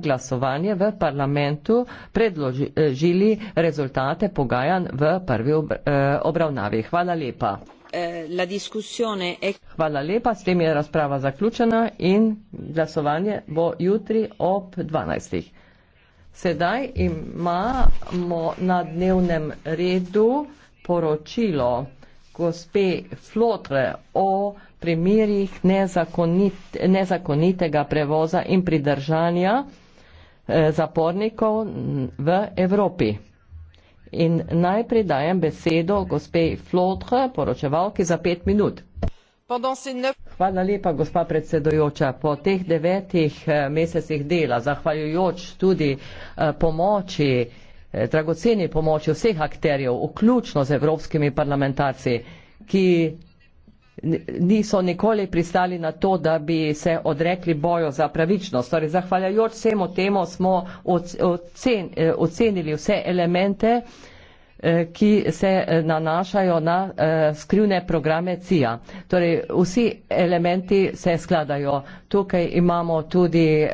glasovanje v parlamentu predložili rezultate pogajanj v prvi eh, obravnavi. Hvala lepa. Eh, la discussione è... Hvala lepa, s tem je razprava zaključena in glasovanje bo jutri ob 12. Sedaj imamo na dnevnem redu poročilo gospe Flotre o primerih nezakonit, nezakonitega prevoza in pridržanja. Eh, zapornikov v Evropi. In najprej dajem besedo gospe Flotre, poročevalki za pet minut. Hvala lepa, gospa predsedojoča. Po teh devetih eh, mesecih dela, zahvaljujoč tudi eh, pomoči, dragoceni pomoči vseh akterjev, vključno z evropskimi parlamentarci, ki niso nikoli pristali na to, da bi se odrekli boju za pravičnost. Torej, zahvaljajoč vsemu temu smo eh, ocenili vse elemente, Eh, ki se eh, nanašajo na eh, skrivne programe CIA. Torej, vsi elementi se skladajo. Tukaj imamo tudi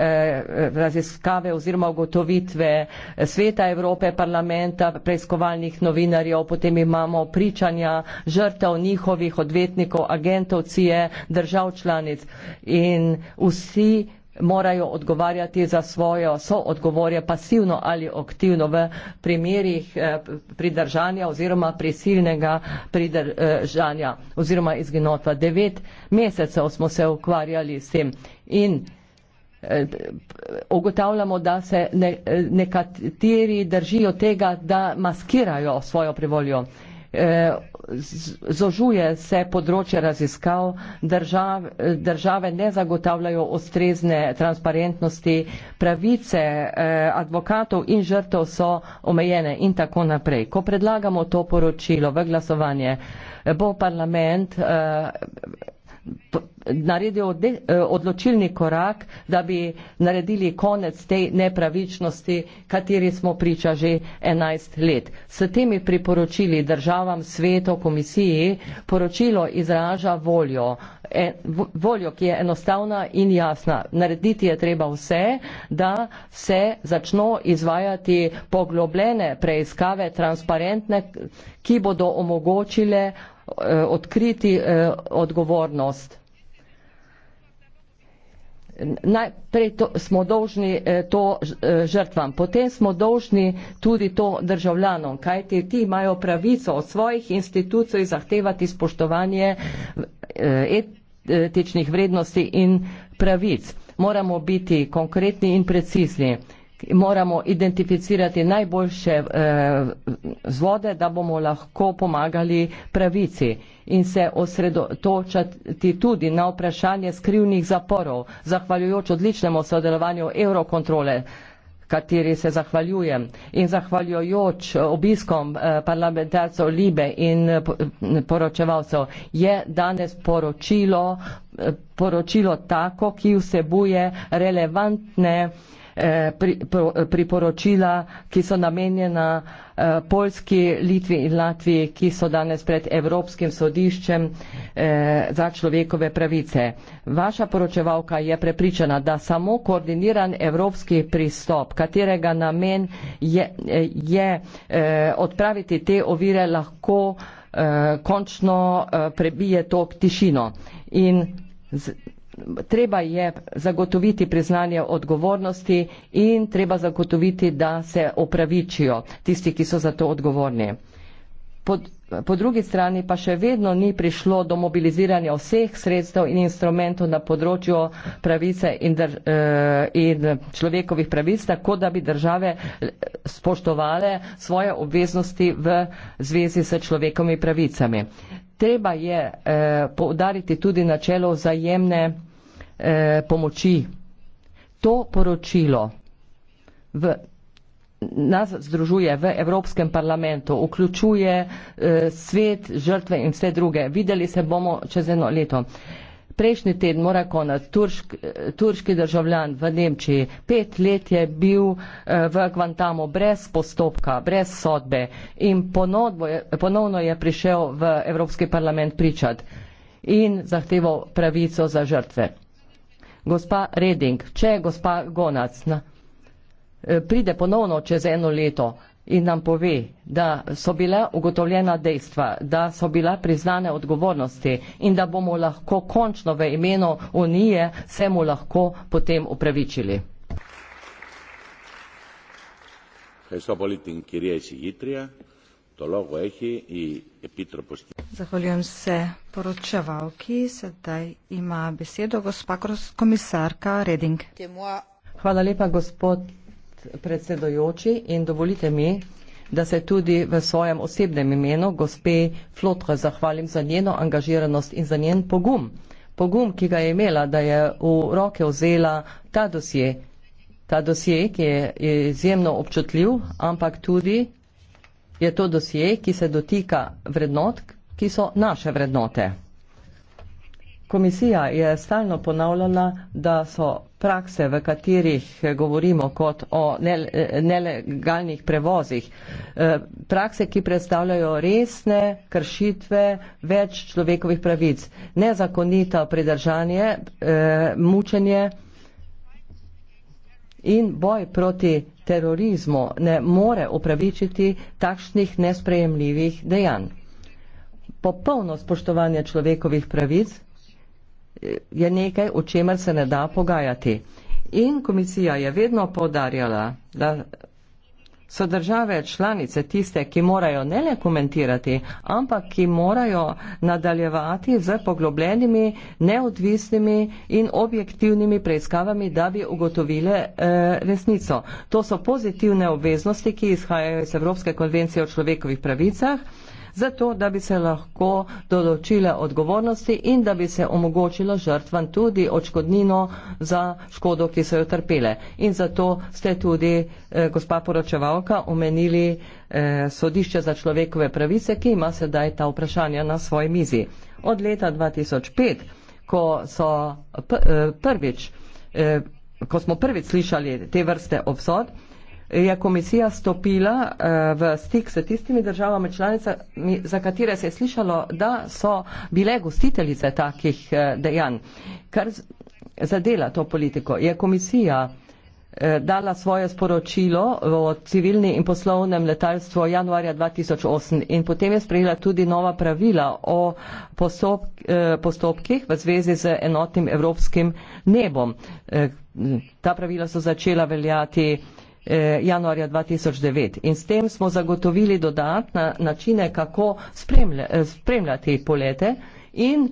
raziskave oziroma ugotovitve sveta Evrope, parlamenta, preiskovalnih novinarjev, potem imamo pričanja žrtev njihovih odvetnikov, agentov CIA, držav članic in vsi morajo odgovarjati za svojo soodgovorje pasivno ali aktivno v primerih eh, pridržanja oziroma prisilnega pridržanja oziroma izginotva. Devet mesecev smo se ukvarjali s tem in eh, ugotavljamo, da se eh, nekateri držijo tega, da maskirajo svojo privoljo zožuje se področje raziskav, držav, države ne zagotavljajo ustrezne transparentnosti, pravice eh, advokatov in žrtev so omejene in tako naprej. Ko predlagamo to poročilo v glasovanje, bo parlament. Eh, naredil eh, odločilni korak, da bi naredili konec tej nepravičnosti, kateri smo priča že 11 let. S temi priporočili državam, svetu, komisiji, poročilo izraža voljo, e, voljo, ki je enostavna in jasna. Narediti je treba vse, da se začno izvajati poglobljene preiskave, transparentne, ki bodo omogočile Eh, odkriti eh, odgovornost. Najprej to, smo dolžni eh, to žrtvam, potem smo dolžni tudi to državljanom, kajti ti imajo pravico od svojih institucij zahtevati spoštovanje etičnih vrednosti in pravic. Moramo biti konkretni in precizni moramo identificirati najboljše eh, vzvode, da bomo lahko pomagali pravici in se osredotočati tudi na vprašanje skrivnih zaporov, zahvaljujoč odličnemu sodelovanju Eurokontrole kateri se zahvaljujem in zahvaljujoč obiskom eh, parlamentarcev Libe in eh, poročevalcev je danes poročilo, poročilo tako, ki vsebuje relevantne eh, Eh, eh, priporočila, ki so namenjena eh, Poljski, Litvi in Latviji, ki so danes pred Evropskim sodiščem za človekove pravice. Vaša poročevalka je prepričana, da samo koordiniran evropski pristop, katerega namen je, je odpraviti te ovire, lahko končno prebije tok tišino. In treba je zagotoviti priznanje odgovornosti in treba zagotoviti, da se opravičijo tisti, ki so za to odgovorni. Po, po drugi strani pa še vedno ni prišlo do mobiliziranja vseh sredstev in instrumentov na področju pravice in, drž, eh, in človekovih pravic, tako da bi države eh, spoštovale svoje obveznosti v zvezi s človekovimi pravicami. Treba je eh, poudariti tudi načelo vzajemne eh, eh, pomoči. To poročilo v, nas združuje v Evropskem parlamentu, vključuje eh, svet, žrtve in vse druge. Videli se bomo čez eno leto. Prejšnji teden mora konati Turšk, eh, turški državljan v Nemčiji. Pet let je bil eh, v Guantamo brez postopka, brez sodbe in je, ponovno je prišel v Evropski parlament pričati in zahteval pravico za žrtve gospa Reding, če gospa Gonac na, eh, pride ponovno čez eno leto in nam pove, da so bile ugotovljena dejstva, da so bila priznane odgovornosti in da bomo lahko končno v imenu Unije se mu lahko potem upravičili. Χρυσόπολη την κυρία Ισηγήτρια. Zahvaljujem se poročevalki. Sedaj ima besedo gospa komisarka Reding. Hvala lepa, gospod predsedojoči, in dovolite mi, da se tudi v svojem osebnem imenu gospe Flotre zahvalim za njeno angažiranost in za njen pogum. Pogum, ki ga je imela, da je v roke vzela ta dosje. Ta dosje, ki je izjemno občutljiv, ampak tudi je to dosje, ki se dotika vrednot, ki so naše vrednote. Komisija je stalno ponavljala, da so prakse, v katerih govorimo kot o nelegalnih prevozih, eh, prakse, ki predstavljajo resne kršitve več človekovih pravic, nezakonito pridržanje, eh, mučenje in boj proti terorizmu ne more upravičiti takšnih nesprejemljivih dejanj. Popolno spoštovanje človekovih pravic je nekaj, o čemer se ne da pogajati. In komisija je vedno povdarjala, da so države članice tiste, ki morajo ne le komentirati, ampak ki morajo nadaljevati z poglobljenimi, neodvisnimi in objektivnimi preiskavami, da bi ugotovile eh, resnico. To so pozitivne obveznosti, ki izhajajo iz Evropske konvencije o človekovih pravicah zato da bi se lahko določile odgovornosti in da bi se omogočilo žrtvam tudi očkodnino za škodo, ki so jo trpele. In zato ste tudi, eh, gospa poročevalka, omenili eh, sodišče za človekove pravice, ki ima sedaj ta vprašanja na svoji mizi. Od leta 2005, ko, so eh, prvič, eh, ko smo prvič slišali te vrste obsod, je komisija stopila eh, v stik s tistimi državami članicami, za katere se je slišalo, da so bile gostiteljice takih eh, dejanj. Kar zadela to politiko, je komisija eh, dala svoje sporočilo o civilni in poslovnem letalstvu januarja 2008 in potem je sprejela tudi nova pravila o postopkih v zvezi z enotnim evropskim nebom. Ta pravila so začela veljati eh, januarja 2009. In s tem smo zagotovili dodatna načine, kako spremlja, eh, spremljati polete. In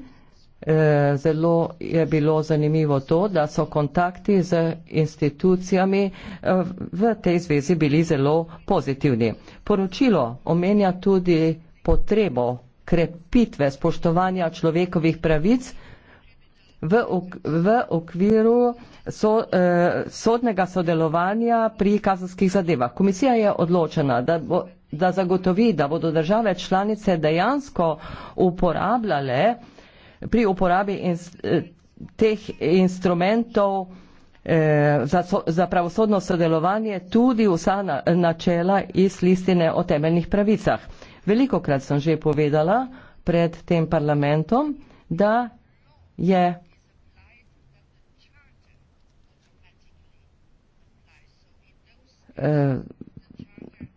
eh, zelo je bilo zanimivo to, da so kontakti z institucijami eh, v tej zvezi bili zelo pozitivni. Poročilo omenja tudi potrebo krepitve spoštovanja človekovih pravic, v, ok, v okviru so, eh, sodnega sodelovanja pri kazenskih zadevah. Komisija je odločena, da, bo, da zagotovi, da bodo države članice dejansko uporabljale pri uporabi ins, eh, teh instrumentov eh, za, so, za pravosodno sodelovanje tudi vsa na, načela iz listine o temeljnih pravicah. Velikokrat sem že povedala pred tem parlamentom, da je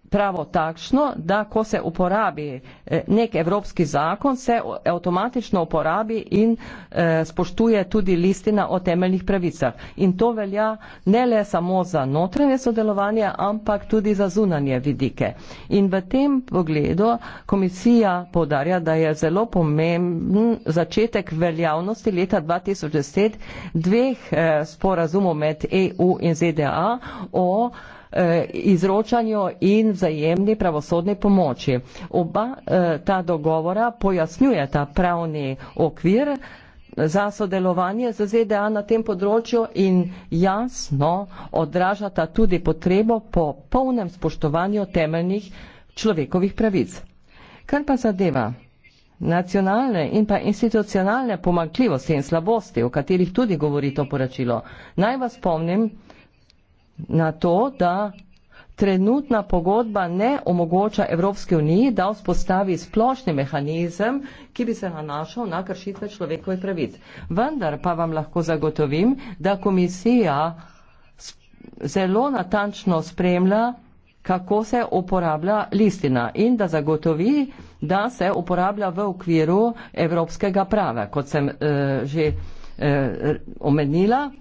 pravo takšno, da ko se uporabi eh, nek evropski zakon, se avtomatično uporabi in eh, spoštuje tudi listina o temeljnih pravicah. In to velja ne le samo za notranje sodelovanje, ampak tudi za zunanje vidike. In v tem pogledu komisija podarja, da je zelo pomemben začetek veljavnosti leta 2010 dveh eh, sporazumov med EU in ZDA o Eh, izročanju in vzajemni pravosodni pomoči. Oba eh, ta dogovora pojasnjuje ta pravni okvir za sodelovanje z ZDA na tem področju in jasno odražata tudi potrebo po polnem spoštovanju temeljnih človekovih pravic. Kar pa zadeva nacionalne in pa institucionalne pomankljivosti in slabosti, o katerih tudi govori to poročilo, naj vas spomnim, na to, da trenutna pogodba ne omogoča Evropske unije, da vzpostavi splošni mehanizem, ki bi se nanašal na kršitve človekovih pravic. Vendar pa vam lahko zagotovim, da komisija zelo natančno spremlja, kako se uporablja listina in da zagotovi, da se uporablja v okviru evropskega prava, kot sem uh, že uh, omenila.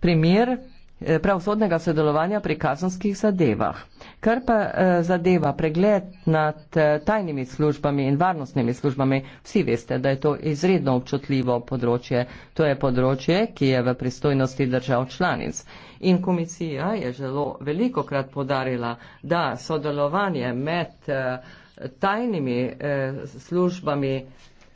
Primer Eh, pravosodnega sodelovanja pri kazanskih zadevah. Kar pa eh, zadeva pregled nad eh, tajnimi službami in varnostnimi službami, vsi veste, da je to izredno občutljivo področje. To je področje, ki je v pristojnosti držav članic. In komisija je zelo veliko krat podarila, da sodelovanje med tajnimi službami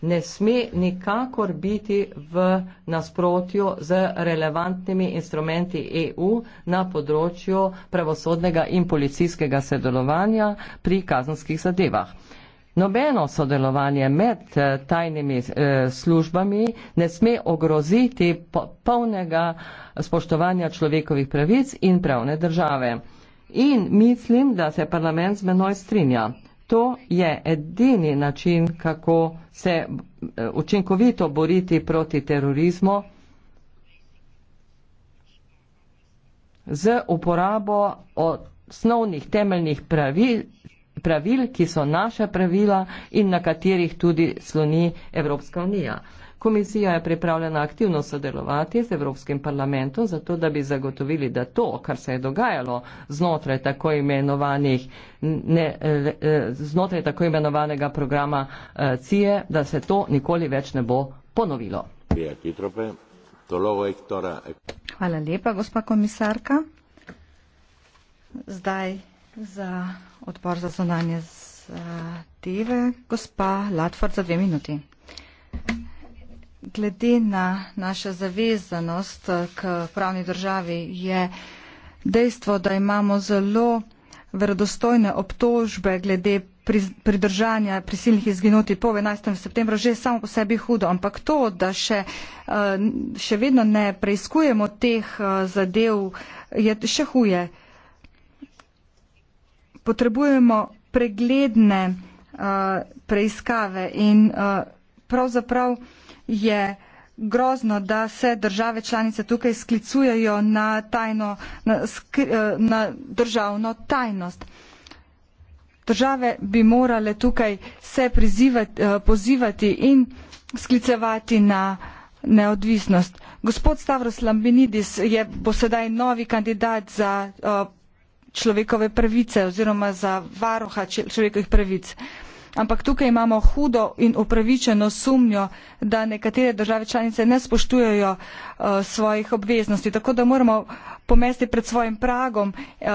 ne sme nikakor biti v nasprotju z relevantnimi instrumenti EU na področju pravosodnega in policijskega sodelovanja pri kazenskih zadevah. Nobeno sodelovanje med eh, tajnimi eh, službami ne sme ogroziti polnega spoštovanja človekovih pravic in pravne države. In mislim, da se parlament z menoj strinja. To je edini način, kako se eh, učinkovito boriti proti terorizmu z uporabo osnovnih temeljnih pravil, pravil, ki so naša pravila in na katerih tudi sloni Evropska unija. Komisija je pripravljena aktivno sodelovati z Evropskim parlamentom, zato da bi zagotovili, da to, kar se je dogajalo znotraj tako, ne, e, e, znotraj tako imenovanega programa CIE, e, da se to nikoli več ne bo ponovilo. Hvala lepa, gospa komisarka. Zdaj Za odbor za zunanje zadeve, gospa Latford, za dve minuti. Glede na našo zavezanost k pravni državi je dejstvo, da imamo zelo verodostojne obtožbe glede pridržanja prisilnih izginoti po 11. septembru že samo po sebi hudo, ampak to, da še, eh, še vedno ne preiskujemo teh eh, zadev, je še huje potrebujemo pregledne uh, preiskave in uh, pravzaprav je grozno, da se države članice tukaj sklicujejo na, tajno, na, skri, eh, na državno tajnost. Države bi morale tukaj se prizivati, pozivati in sklicevati na neodvisnost. Gospod Stavros Lambinidis je, bo sedaj novi kandidat za uh, človekove pravice oziroma za varuha človekovih pravic. Ampak tukaj imamo hudo in upravičeno sumnjo, da nekatere države članice ne spoštujejo uh, svojih obveznosti. Tako da moramo pomesti pred svojim pragom, uh,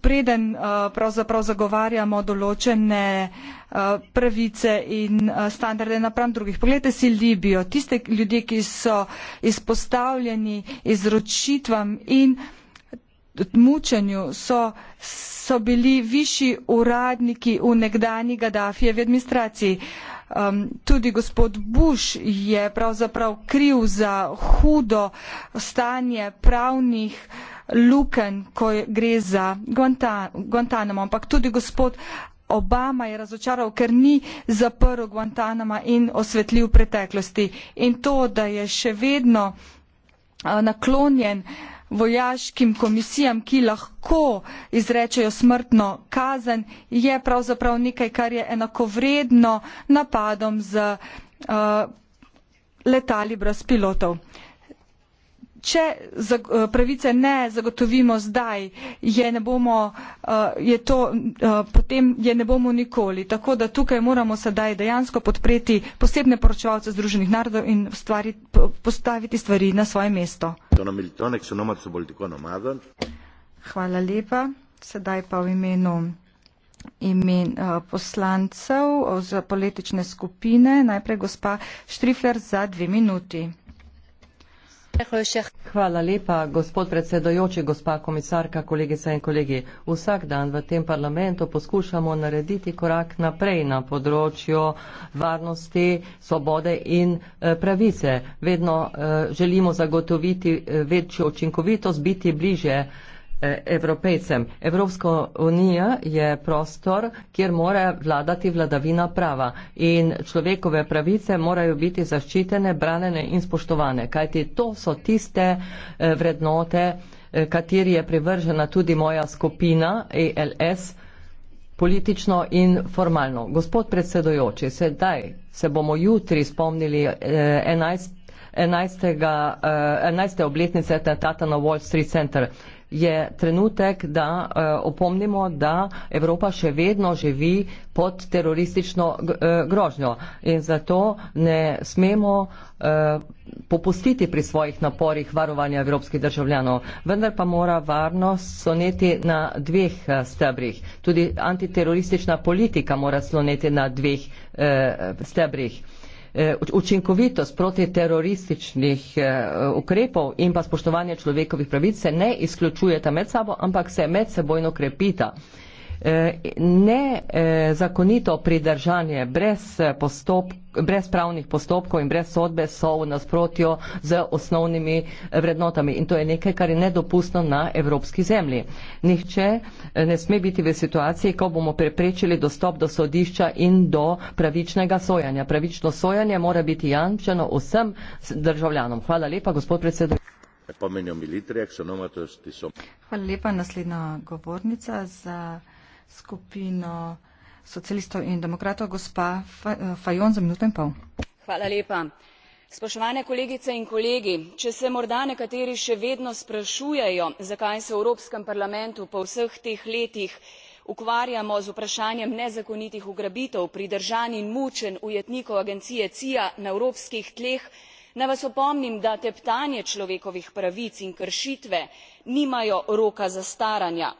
preden uh, pravzaprav zagovarjamo določene uh, pravice in uh, standarde napram drugih. Poglejte si Libijo, tiste ljudje, ki so izpostavljeni izročitvam in mučenju so, so bili višji uradniki v nekdani Gaddafijevi administraciji. Um, tudi gospod Bush je pravzaprav kriv za hudo stanje pravnih luken, ko gre za Guantanamo. Ampak tudi gospod Obama je razočaral, ker ni zaprl Guantanama in osvetlil preteklosti. In to, da je še vedno uh, naklonjen uh, vojaškim komisijam, ki lahko izrečejo smrtno kazen, je pravzaprav nekaj, kar je enakovredno napadom z uh, letali brez pilotov. Uh, če eh, pravice ne zagotovimo zdaj, je, ne bomo, eh, je to, eh, potem je ne bomo nikoli. Tako da tukaj moramo sedaj dejansko podpreti posebne poročevalce Združenih narodov in stvari, postaviti stvari na svoje mesto. Hvala lepa. Sedaj pa v imenu imen poslancev oziroma politične skupine. Najprej gospa Štrifler za dve minuti. Hvala lepa, gospod predsedojoči, gospa komisarka, kolegice in kolegi. Vsak dan v tem parlamentu poskušamo narediti korak naprej na področju varnosti, svobode in eh, pravice. Vedno eh, želimo zagotoviti eh, večjo učinkovitost, biti bliže Eh, evropejcem. Evropska unija je prostor, kjer mora vladati vladavina prava in človekove pravice morajo biti zaščitene, branjene in spoštovane, kajti to so tiste eh, vrednote, eh, kateri je privržena tudi moja skupina ALS politično in formalno. Gospod predsedojoči, sedaj se bomo jutri spomnili 11. 11. Uh, 11. obletnice atentata na Wall Street Center. Je trenutek, da uh, opomnimo, da Evropa še vedno živi pod teroristično eh, grožnjo in zato ne smemo uh, popustiti pri svojih naporih varovanja evropskih državljanov. Vendar pa mora varnost soneti na dveh stebrih. Tudi antiteroristična politika mora soneti na dveh uh, stebrih. Eh, učinkovitost protiterorističnih eh, ukrepov in pa spoštovanje človekovih pravic se ne izključujeta med sabo, ampak se medsebojno krepita. Eh, Nezakonito eh, pridržanje brez, eh, postop, brez pravnih postopkov in brez sodbe so v nasprotju z osnovnimi vrednotami in to je nekaj, kar je nedopustno na evropski zemlji. Nihče ne sme biti v situaciji, ko bomo preprečili dostop do sodišča in do pravičnega sojanja. Pravično sojanje mora biti jančeno vsem državljanom. Hvala lepa, gospod predsednik. Hvala lepa, naslednja govornica. Za skupino socialistov in demokratov gospa eh, fajon za minuto in pol. hvala lepa. spoštovane kolegice in kolegi če se morda nekateri še vedno sprašujejo zakaj se v evropskem parlamentu po vseh teh letih ukvarjamo z vprašanjem nezakonitih ugrabitev pridržanj in mučenj ujetnikov agencije cia na evropskih tleh naj vas opomnim da teptanje človekovih pravic in kršitve nimajo roka zastaranja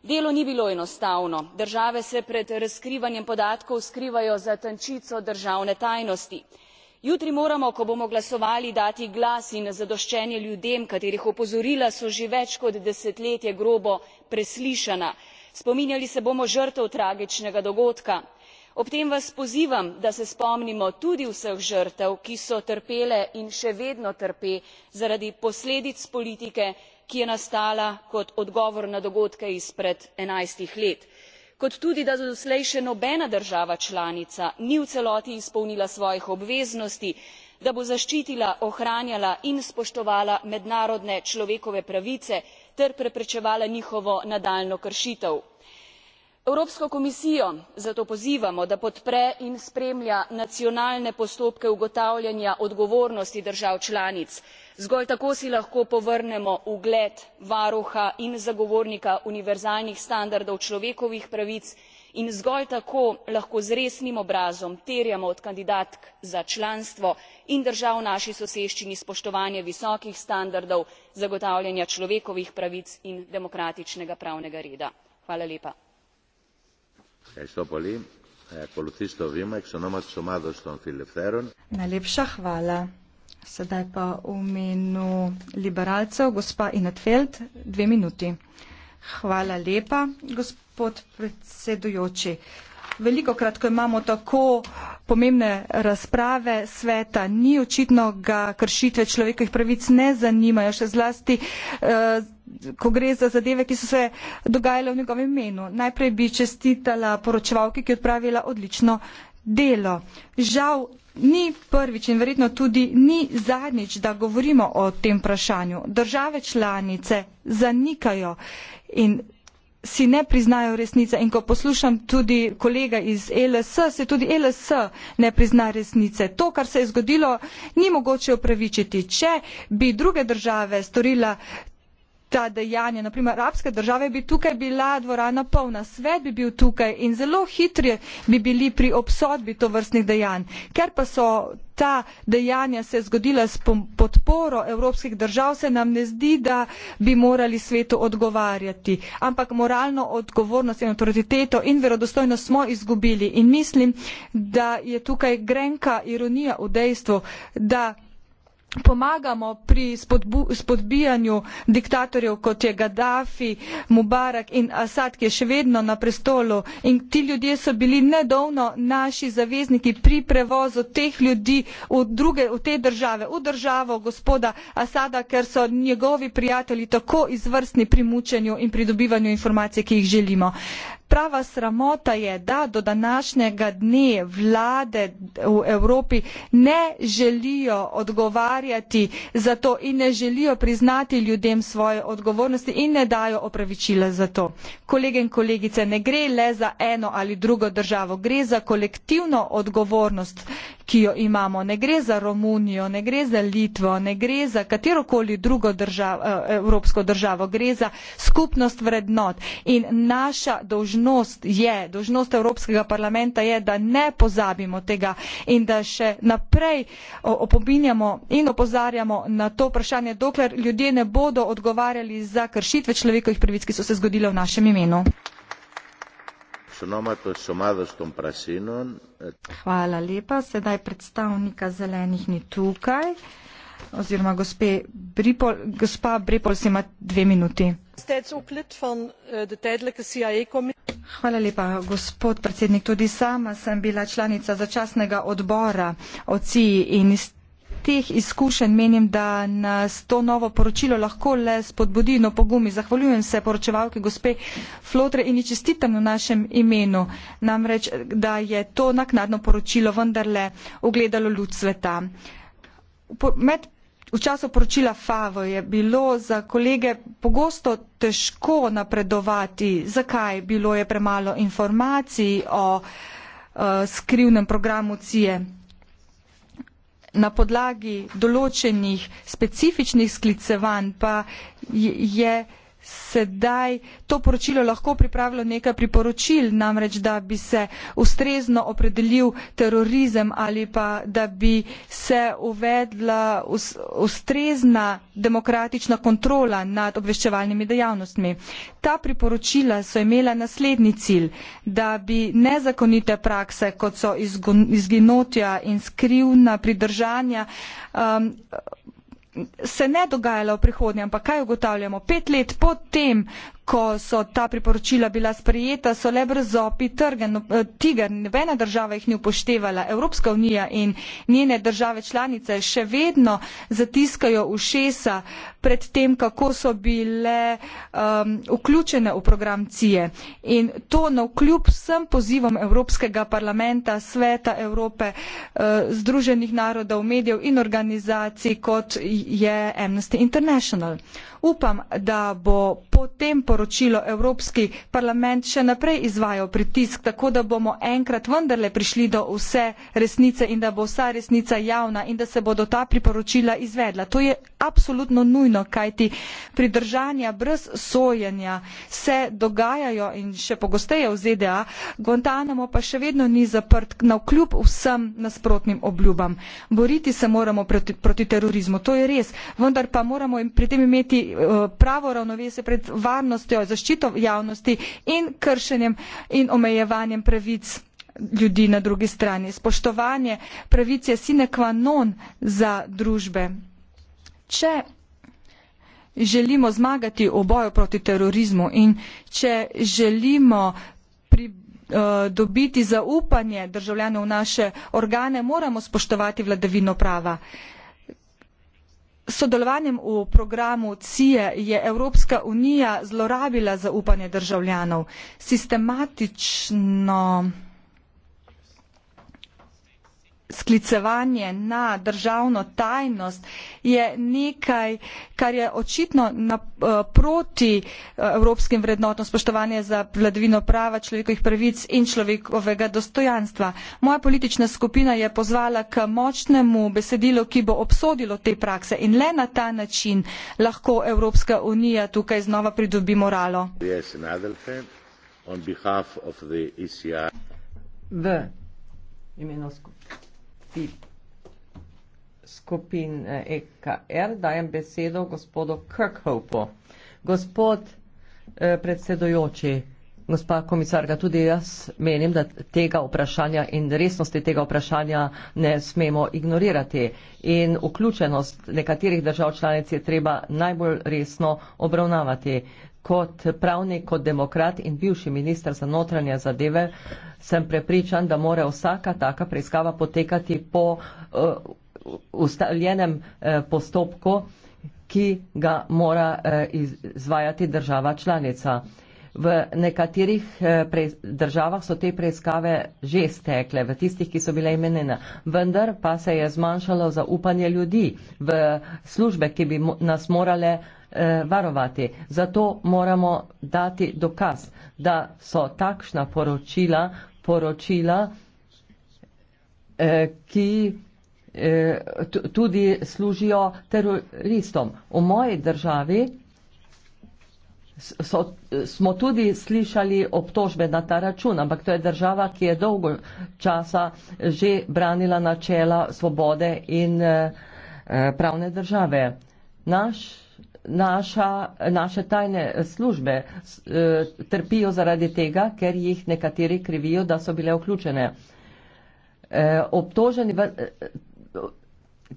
delo ni bilo enostavno države se pred razkrivanjem podatkov skrivajo za tančico državne tajnosti. jutri moramo ko bomo glasovali dati glas in zadoščenje ljudem katerih opozorila so že več kot desetletje grobo preslišana. spominjali se bomo žrtev tragičnega dogodka. ob tem vas pozivam da se spomnimo tudi vseh žrtev ki so trpele in še vedno trpe zaradi posledic politike ki je nastala kot odgovor na dogodke izpred enajstih let kot tudi da doslej še nobena država članica ni v celoti izpolnila svojih obveznosti da bo zaščitila ohranjala in spoštovala mednarodne človekove pravice ter preprečevala njihovo nadaljnjo kršitev. evropsko komisijo zato pozivamo da podpre in spremlja nacionalne postopke ugotavljanja odgovornosti držav članic zgolj tako si lahko povrnemo ugled varuha in zagovornika univerzalnih standardov človekovih pravic in zgolj tako lahko z resnim obrazom terjamo od kandidatk za članstvo in držav v naši soseščini spoštovanje visokih standardov zagotavljanja človekovih pravic in demokratičnega pravnega reda. Sedaj pa v imenu liberalcev, gospa Inetfeld, dve minuti. Hvala lepa, gospod predsedujoči. Veliko krat, ko imamo tako pomembne razprave sveta, ni očitno, da kršitve človekovih pravic ne zanimajo, še zlasti, eh, ko gre za zadeve, ki so se dogajale v njegovem imenu. Najprej bi čestitala poročevalki, ki je odpravila odlično delo. Žal ni prvič in verjetno tudi ni zadnjič, da govorimo o tem vprašanju. Države članice zanikajo in si ne priznajo resnice in ko poslušam tudi kolega iz LS, se tudi LS ne prizna resnice. To, kar se je zgodilo, ni mogoče upravičiti. Če bi druge države storila ta dejanja. Naprimer, arabske države bi tukaj bila dvorana polna, svet bi bil tukaj in zelo hitri bi bili pri obsodbi to vrstnih dejanj. Ker pa so ta dejanja se zgodila s podporo evropskih držav, se nam ne zdi, da bi morali svetu odgovarjati. Ampak moralno odgovornost in autoriteto in verodostojnost smo izgubili in mislim, da je tukaj grenka ironija v dejstvu, da pomagamo pri spodbijanju diktatorjev kot je gadafi mubarak in asad ki je še vedno na prestolu in ti ljudje so bili nedolno naši zavezniki pri prevozu teh ljudi v druge v te države v državo gospoda asada ker so njegovi prijatelji tako izvrstni pri mučenju in pridobivanju informacij ki jih želimo. Prava sramota je, da do današnjega dne vlade v Evropi ne želijo odgovarjati za to in ne želijo priznati ljudem svoje odgovornosti in ne dajo opravičila za to. Kolege in kolegice, ne gre le za eno ali drugo državo, gre za kolektivno odgovornost, ki jo imamo. Ne gre za Romunijo, ne gre za Litvo, ne gre za katerokoli drugo državo, eh, evropsko državo, gre za skupnost vrednot in naša dolžnost dolžnost je dolžnost evropskega parlamenta je da ne pozabimo tega in da še naprej opominjamo in opozarjamo na to vprašanje dokler ljudje ne bodo odgovarjali za kršitve človekovih pravic ki so se zgodile v našem imenu Hvala lepa. Sedaj predstavnika zelenih ni tukaj. Oziroma gospe Bripol, gospa Bripol ima dve minuti. Eh, gospod predsednik tudi sama sem bila članica začasnega odbora oci in iz teh izkušenj menim da nas to novo poročilo lahko le spodbudi in no, opogumi. zahvaljujem se poročevalki gospe flautre in ji čestitam v našem imenu namreč da je to naknadno poročilo vendarle ugledalo luč sveta. med V času poročila FAVO je bilo za kolege pogosto težko napredovati, zakaj bilo je premalo informacij o uh, skrivnem programu CIE. Na podlagi določenih specifičnih sklicevanj pa je, je sedaj to poročilo lahko pripravilo nekaj priporočil, namreč da bi se ustrezno opredelil terorizem ali pa da bi se uvedla ustrezna demokratična kontrola nad obveščevalnimi dejavnostmi. Ta priporočila so imela naslednji cilj, da bi nezakonite prakse, kot so izginotja in skrivna pridržanja, um, se ne dogajala v prihodnje, ampak kaj ugotavljamo? Pet let potem, ko so ta priporočila bila sprejeta, so le brzopi trgen, no, eh, tiger, nobena država jih ni upoštevala. Evropska unija in njene države članice še vedno zatiskajo ušesa pred tem, kako so bile um, vključene v program CIE. In to na vkljub vsem pozivom Evropskega parlamenta, sveta Evrope, uh, Združenih narodov, medijev in organizacij, kot je Amnesty International upam da bo po tem poročilu evropski parlament še naprej izvajal pritisk tako da bomo enkrat vendarle prišli do vse resnice in da bo vsa resnica javna in da se bodo ta priporočila izvedla to je absolutno nujno kajti pridržanja brez sojenja se dogajajo in še pogosteje v zda guantanamo pa še vedno ni zaprt navkljub vsem nasprotnim obljubam boriti se moramo proti terorizmu to je res vendar pa moramo pri tem imeti Eh, pravo ravnovesje pred varnostjo, zaščito javnosti in kršenjem in omejevanjem pravic ljudi na drugi strani. Spoštovanje pravic je sine qua non za družbe. Če želimo zmagati v boju proti terorizmu in če želimo pri, uh, dobiti zaupanje državljanov v naše organe, moramo spoštovati vladavino prava. Uh, sodelovanjem v programu cie je evropska unija zlorabila zaupanje državljanov sistematično sklicevanje na državno tajnost je nekaj, kar je očitno naproti eh, eh, evropskim vrednotom spoštovanja za vladavino prava, človekovih pravic in človekovega dostojanstva. Moja politična skupina je pozvala k močnemu besedilu, ki bo obsodilo te prakse in le na ta način lahko Evropska unija tukaj znova pridobi moralo. Yes, e v imenu skupine tip skupin EKR, eh, e dajem besedo gospodu Kirkhopu. Gospod eh, predsedojoči, gospa komisarka, tudi jaz menim, da tega vprašanja in resnosti tega vprašanja ne smemo ignorirati. In vključenost nekaterih držav članic je treba najbolj resno obravnavati kot pravnik, kot demokrat in bivši minister za notranje zadeve sem prepričan, da mora vsaka taka preiskava potekati po uh, ustaljenem uh, postopku, ki ga mora uh, izvajati država članica. V nekaterih državah so te preiskave že stekle, v tistih, ki so bile imenjene, vendar pa se je zmanjšalo zaupanje ljudi v službe, ki bi nas morale uh, Eh, varovati. Zato moramo dati dokaz, da so takšna poročila, poročila, eh, ki eh, tudi služijo teroristom. V moji državi so, smo tudi slišali obtožbe na ta račun, ampak to je država, ki je dolgo časa že branila načela svobode in pravne države. Naš naša, naše tajne službe e, trpijo zaradi tega, ker jih nekateri krivijo, da so bile vključene. E, obtoženi, e,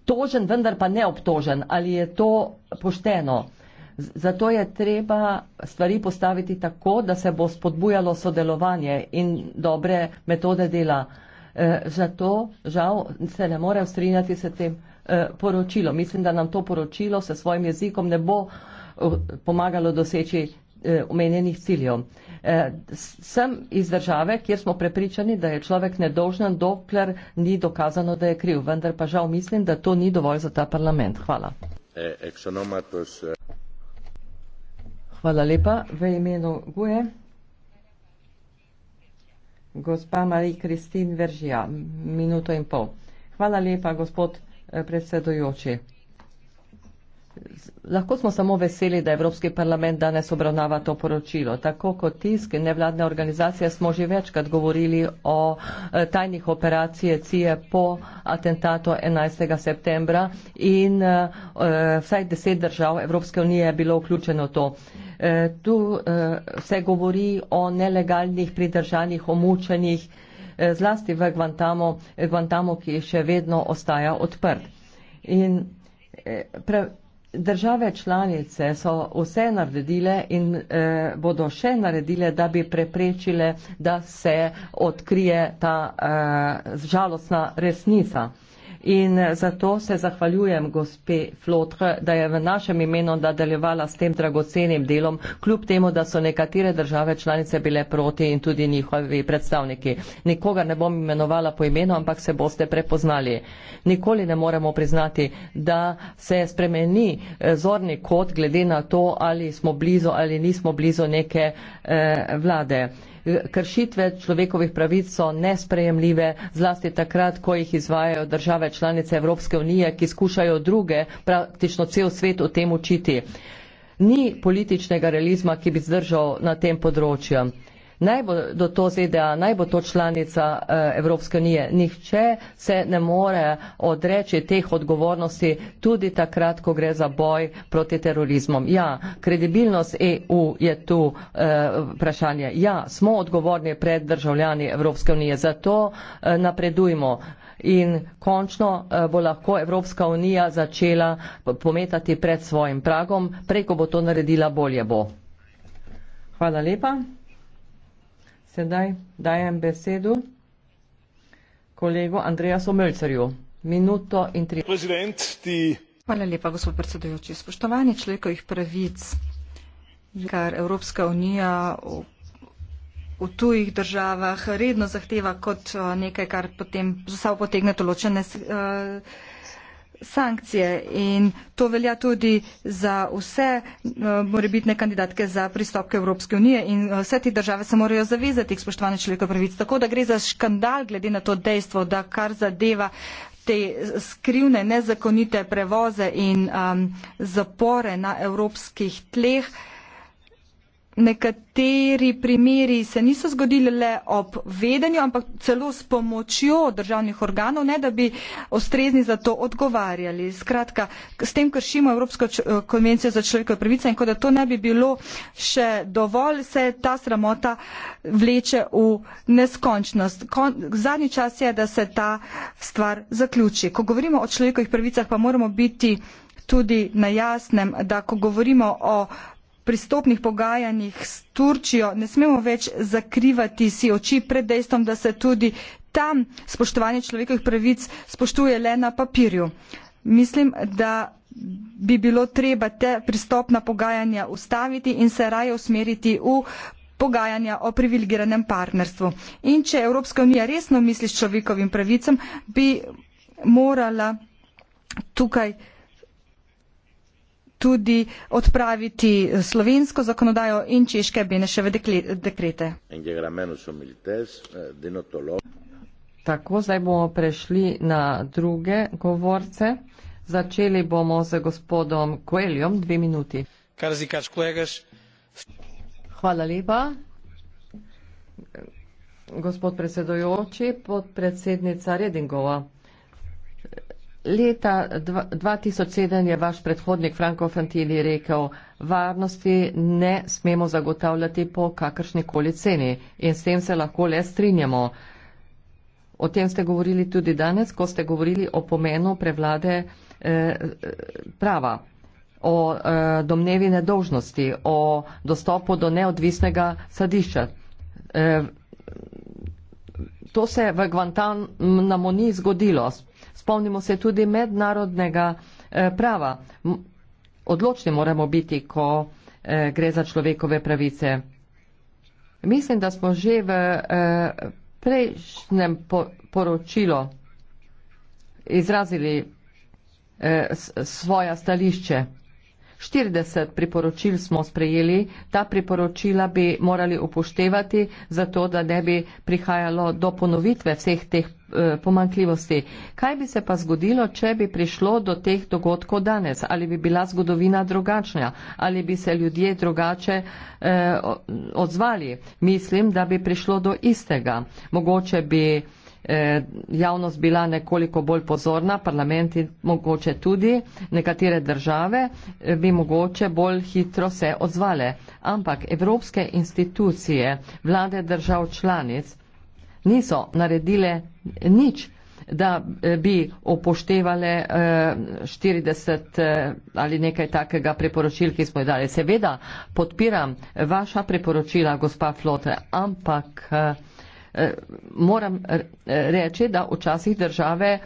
tožen, vendar pa ne obtožen, ali je to pošteno. Zato je treba stvari postaviti tako, da se bo spodbujalo sodelovanje in dobre metode dela. Zato žal se ne more strinjati s tem. Eh, poročilo. Mislim, da nam to poročilo se svojim jezikom ne bo eh, pomagalo doseči eh, omenjenih ciljev. Sem iz države, kjer smo prepričani, da je človek nedolžen, dokler ni dokazano, da je kriv. Vendar pa žal mislim, da to ni dovolj za ta parlament. Hvala. E, Hvala lepa. V imenu Guje. Gospa Marie-Christine Veržija. Minuto in pol. Hvala lepa, gospod predsedujoči. Lahko smo samo veseli, da Evropski parlament danes obravnava to poročilo. Tako kot tisk in nevladne organizacije smo že večkrat govorili o eh, tajnih operacije CIA po atentatu 11. septembra in eh, eh, vsaj deset držav Evropske unije je bilo vključeno v to. Tu se govori o nelegalnih pridržanih, omučenih Eh, zlasti v Guantamo, eh, Guantamo ki še vedno ostaja odprt. In eh, pre, države članice so vse naredile in eh, bodo še naredile, da bi preprečile, da se odkrije ta eh, žalostna resnica. Eh, In eh, zato se zahvaljujem gospe Flotr, da je v našem imenu nadaljevala s tem dragocenim delom, kljub temu, da so nekatere države članice bile proti in tudi njihovi predstavniki. Nikoga ne bom imenovala po imenu, ampak se boste prepoznali. Nikoli ne moremo priznati, da se spremeni eh, zorni kot glede na to, ali smo blizu ali nismo blizu neke eh, vlade kršitve človekovih pravic so nesprejemljive, zlasti takrat, ko jih izvajajo države članice Evropske unije, ki skušajo druge, praktično cel svet o tem učiti. Ni političnega realizma, ki bi zdržal na tem področju naj bo do to ZDA, naj bo to članica eh, Evropske unije, nihče se ne more odreči teh odgovornosti tudi takrat, ko gre za boj proti terorizmom. Ja, kredibilnost EU je tu eh, vprašanje. Ja, smo odgovorni pred državljani Evropske unije, zato eh, napredujmo. In končno bo lahko Evropska unija začela pometati pred svojim pragom, preko bo to naredila, bolje bo. Hvala lepa. Sedaj dajem besedo kolegu Andrejasu Mölcerju. Minuto in tri. Prezident, ti. Hvala lepa, gospod predsedujoči. Spoštovanje človekovih pravic, kar Evropska unija v, v tujih državah redno zahteva kot eh, nekaj, kar potem za sabo potegne določene uh, sankcije in to velja tudi za vse eh, morebitne kandidatke za pristop k Evropske unije in eh, vse te države se morajo zavezati k spoštovanju človekov pravic. Tako da gre za škandal glede na to dejstvo, da kar zadeva te skrivne, nezakonite prevoze in um, zapore na evropskih tleh. Uh, nekateri primeri se niso zgodili le ob vedenju, ampak celo s pomočjo državnih organov, ne da bi ostrezni za to odgovarjali. Skratka, s tem kršimo Evropsko eh, konvencijo za človekove pravice in kot da to ne bi bilo še dovolj, se ta sramota vleče v neskončnost. Kon zadnji čas je, da se ta stvar zaključi. Ko govorimo o človekovih pravicah, pa moramo biti tudi na jasnem, da ko govorimo o pristopnih pogajanjih s Turčijo ne smemo več zakrivati si oči pred dejstvom, da se tudi tam spoštovanje človekovih pravic spoštuje le na papirju. Mislim, da bi bilo treba te pristopna pogajanja ustaviti in se raje usmeriti v pogajanja o privilegiranem partnerstvu. In če Evropska unija resno misli s človekovim pravicam, bi morala tukaj tudi odpraviti slovensko zakonodajo in češke Beneševe dekrete. Tako, zdaj bomo prešli na druge govorce. Začeli bomo z gospodom Koeljom, dve minuti. Hvala lepa. Gospod predsedojoči, podpredsednica Redingova. Leta 2007 je vaš predhodnik Franko Fantini rekel, varnosti ne smemo zagotavljati po kakršnikoli ceni in s tem se lahko le strinjamo. O tem ste govorili tudi danes, ko ste govorili o pomenu prevlade eh, prava, o eh, domnevi nedolžnosti, o dostopu do neodvisnega sadišča. Eh, to se v Guantanamo ni zgodilo. Spomnimo se tudi mednarodnega eh, prava. Odločni moramo biti, ko eh, gre za človekove pravice. Mislim, da smo že v eh, prejšnjem poročilu izrazili svoja stališče. 40 priporočil smo sprejeli, ta priporočila bi morali upoštevati, zato da ne bi prihajalo do ponovitve vseh teh eh, pomankljivosti. Kaj bi se pa zgodilo, če bi prišlo do teh dogodkov danes? Ali bi bila zgodovina drugačna? Ali bi se ljudje drugače eh, odzvali? Mislim, da bi prišlo do istega. Mogoče bi. Eh, javnost bila nekoliko bolj pozorna, parlament in mogoče tudi nekatere države eh, bi mogoče bolj hitro se odzvale. Ampak evropske institucije, vlade držav članic niso naredile nič, da eh, bi upoštevale 40 ali nekaj takega priporočil, ki smo jih dali. Seveda podpiram vaša priporočila, gospa Flote, ampak Eh, moram eh, reči, da včasih države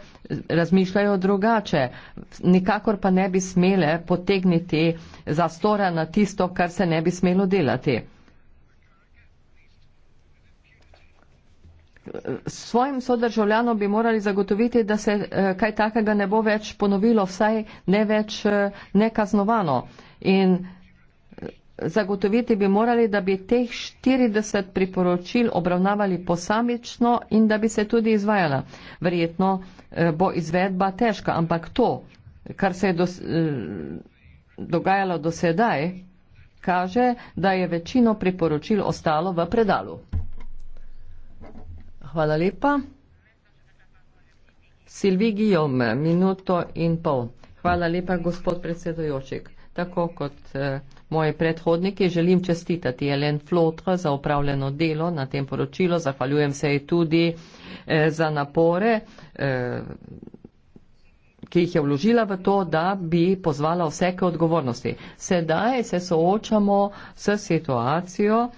razmišljajo drugače. Nikakor pa ne bi smele potegniti zastora na tisto, kar se ne bi smelo delati. Svojim sodržavljanom bi morali zagotoviti, da se eh, kaj takega ne bo več ponovilo, vsaj ne več nekaznovano. In zagotoviti bi morali, da bi teh 40 priporočil obravnavali posamično in da bi se tudi izvajala. Verjetno eh, bo izvedba težka, ampak to, kar se je do, eh, dogajalo do sedaj, kaže, da je večino priporočil ostalo v predalu. Hvala lepa. Silvi Gijom, minuto in pol. Hvala lepa, gospod predsedojoček. Tako kot eh, Moji predhodniki želim čestitati Jelen Flotr za upravljeno delo na tem poročilu. Zahvaljujem se ji tudi eh, za napore, eh, ki jih je vložila v to, da bi pozvala vse k odgovornosti. Sedaj se soočamo s situacijo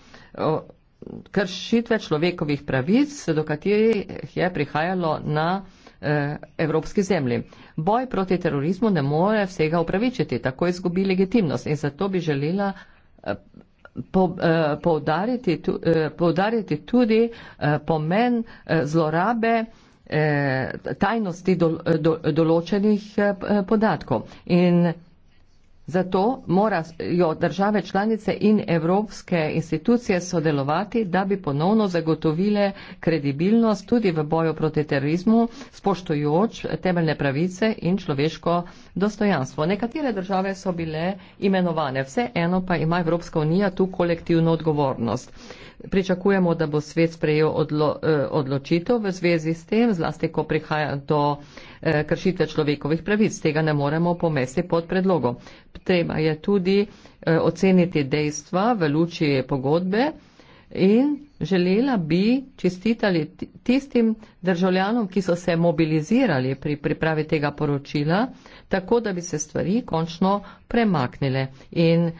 kršitve človekovih pravic, do katerih je prihajalo na. Eh, evropski zemlji. Boj proti terorizmu ne more vsega upravičiti, tako je zgubi legitimnost in zato bi želela eh, po, eh, poudariti, tu, poudariti tudi pomen zlorabe tajnosti do, do, določenih podatkov. In Zato morajo države članice in evropske institucije sodelovati, da bi ponovno zagotovile kredibilnost tudi v boju proti terorizmu, spoštojoč temeljne pravice in človeško dostojanstvo. Nekatere države so bile imenovane, vse eno pa ima Evropska unija tu kolektivno odgovornost pričakujemo, da bo svet sprejel odlo, eh, odločitev v zvezi s tem, zlasti ko prihaja do eh, kršitve človekovih pravic. Tega ne moremo pomesti pod predlogo. Treba je tudi eh, oceniti dejstva v luči pogodbe in želela bi čestitali tistim državljanom, ki so se mobilizirali pri pripravi tega poročila, tako da bi se stvari končno premaknile. In uh,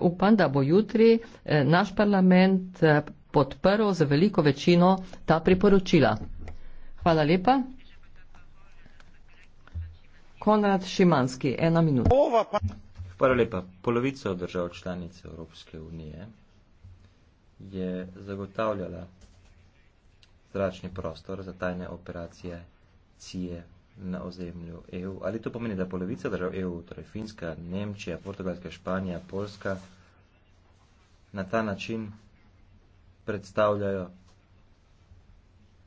upam, da bo jutri uh, naš parlament uh, podprl z veliko večino ta priporočila. Hvala lepa. Konrad Šimanski, ena minuta. Hvala lepa. Polovica držav članic Evropske unije je zagotavljala zračni prostor za tajne operacije CIE na ozemlju EU. Ali to pomeni, da polovica držav EU, torej Finska, Nemčija, Portugalska, Španija, Poljska, na ta način predstavljajo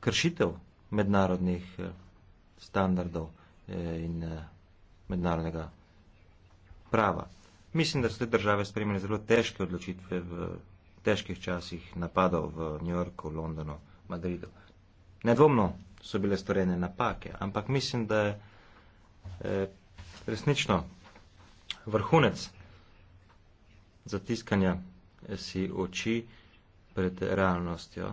kršitev mednarodnih eh, standardov eh, in eh, mednarodnega prava. Mislim, da so te države sprejemali zelo težke odločitve v težkih časih napadov v New Yorku, Londonu, Madridu. Nedvomno so bile storjene napake, ampak mislim, da je eh, resnično vrhunec zatiskanja eh, si oči pred realnostjo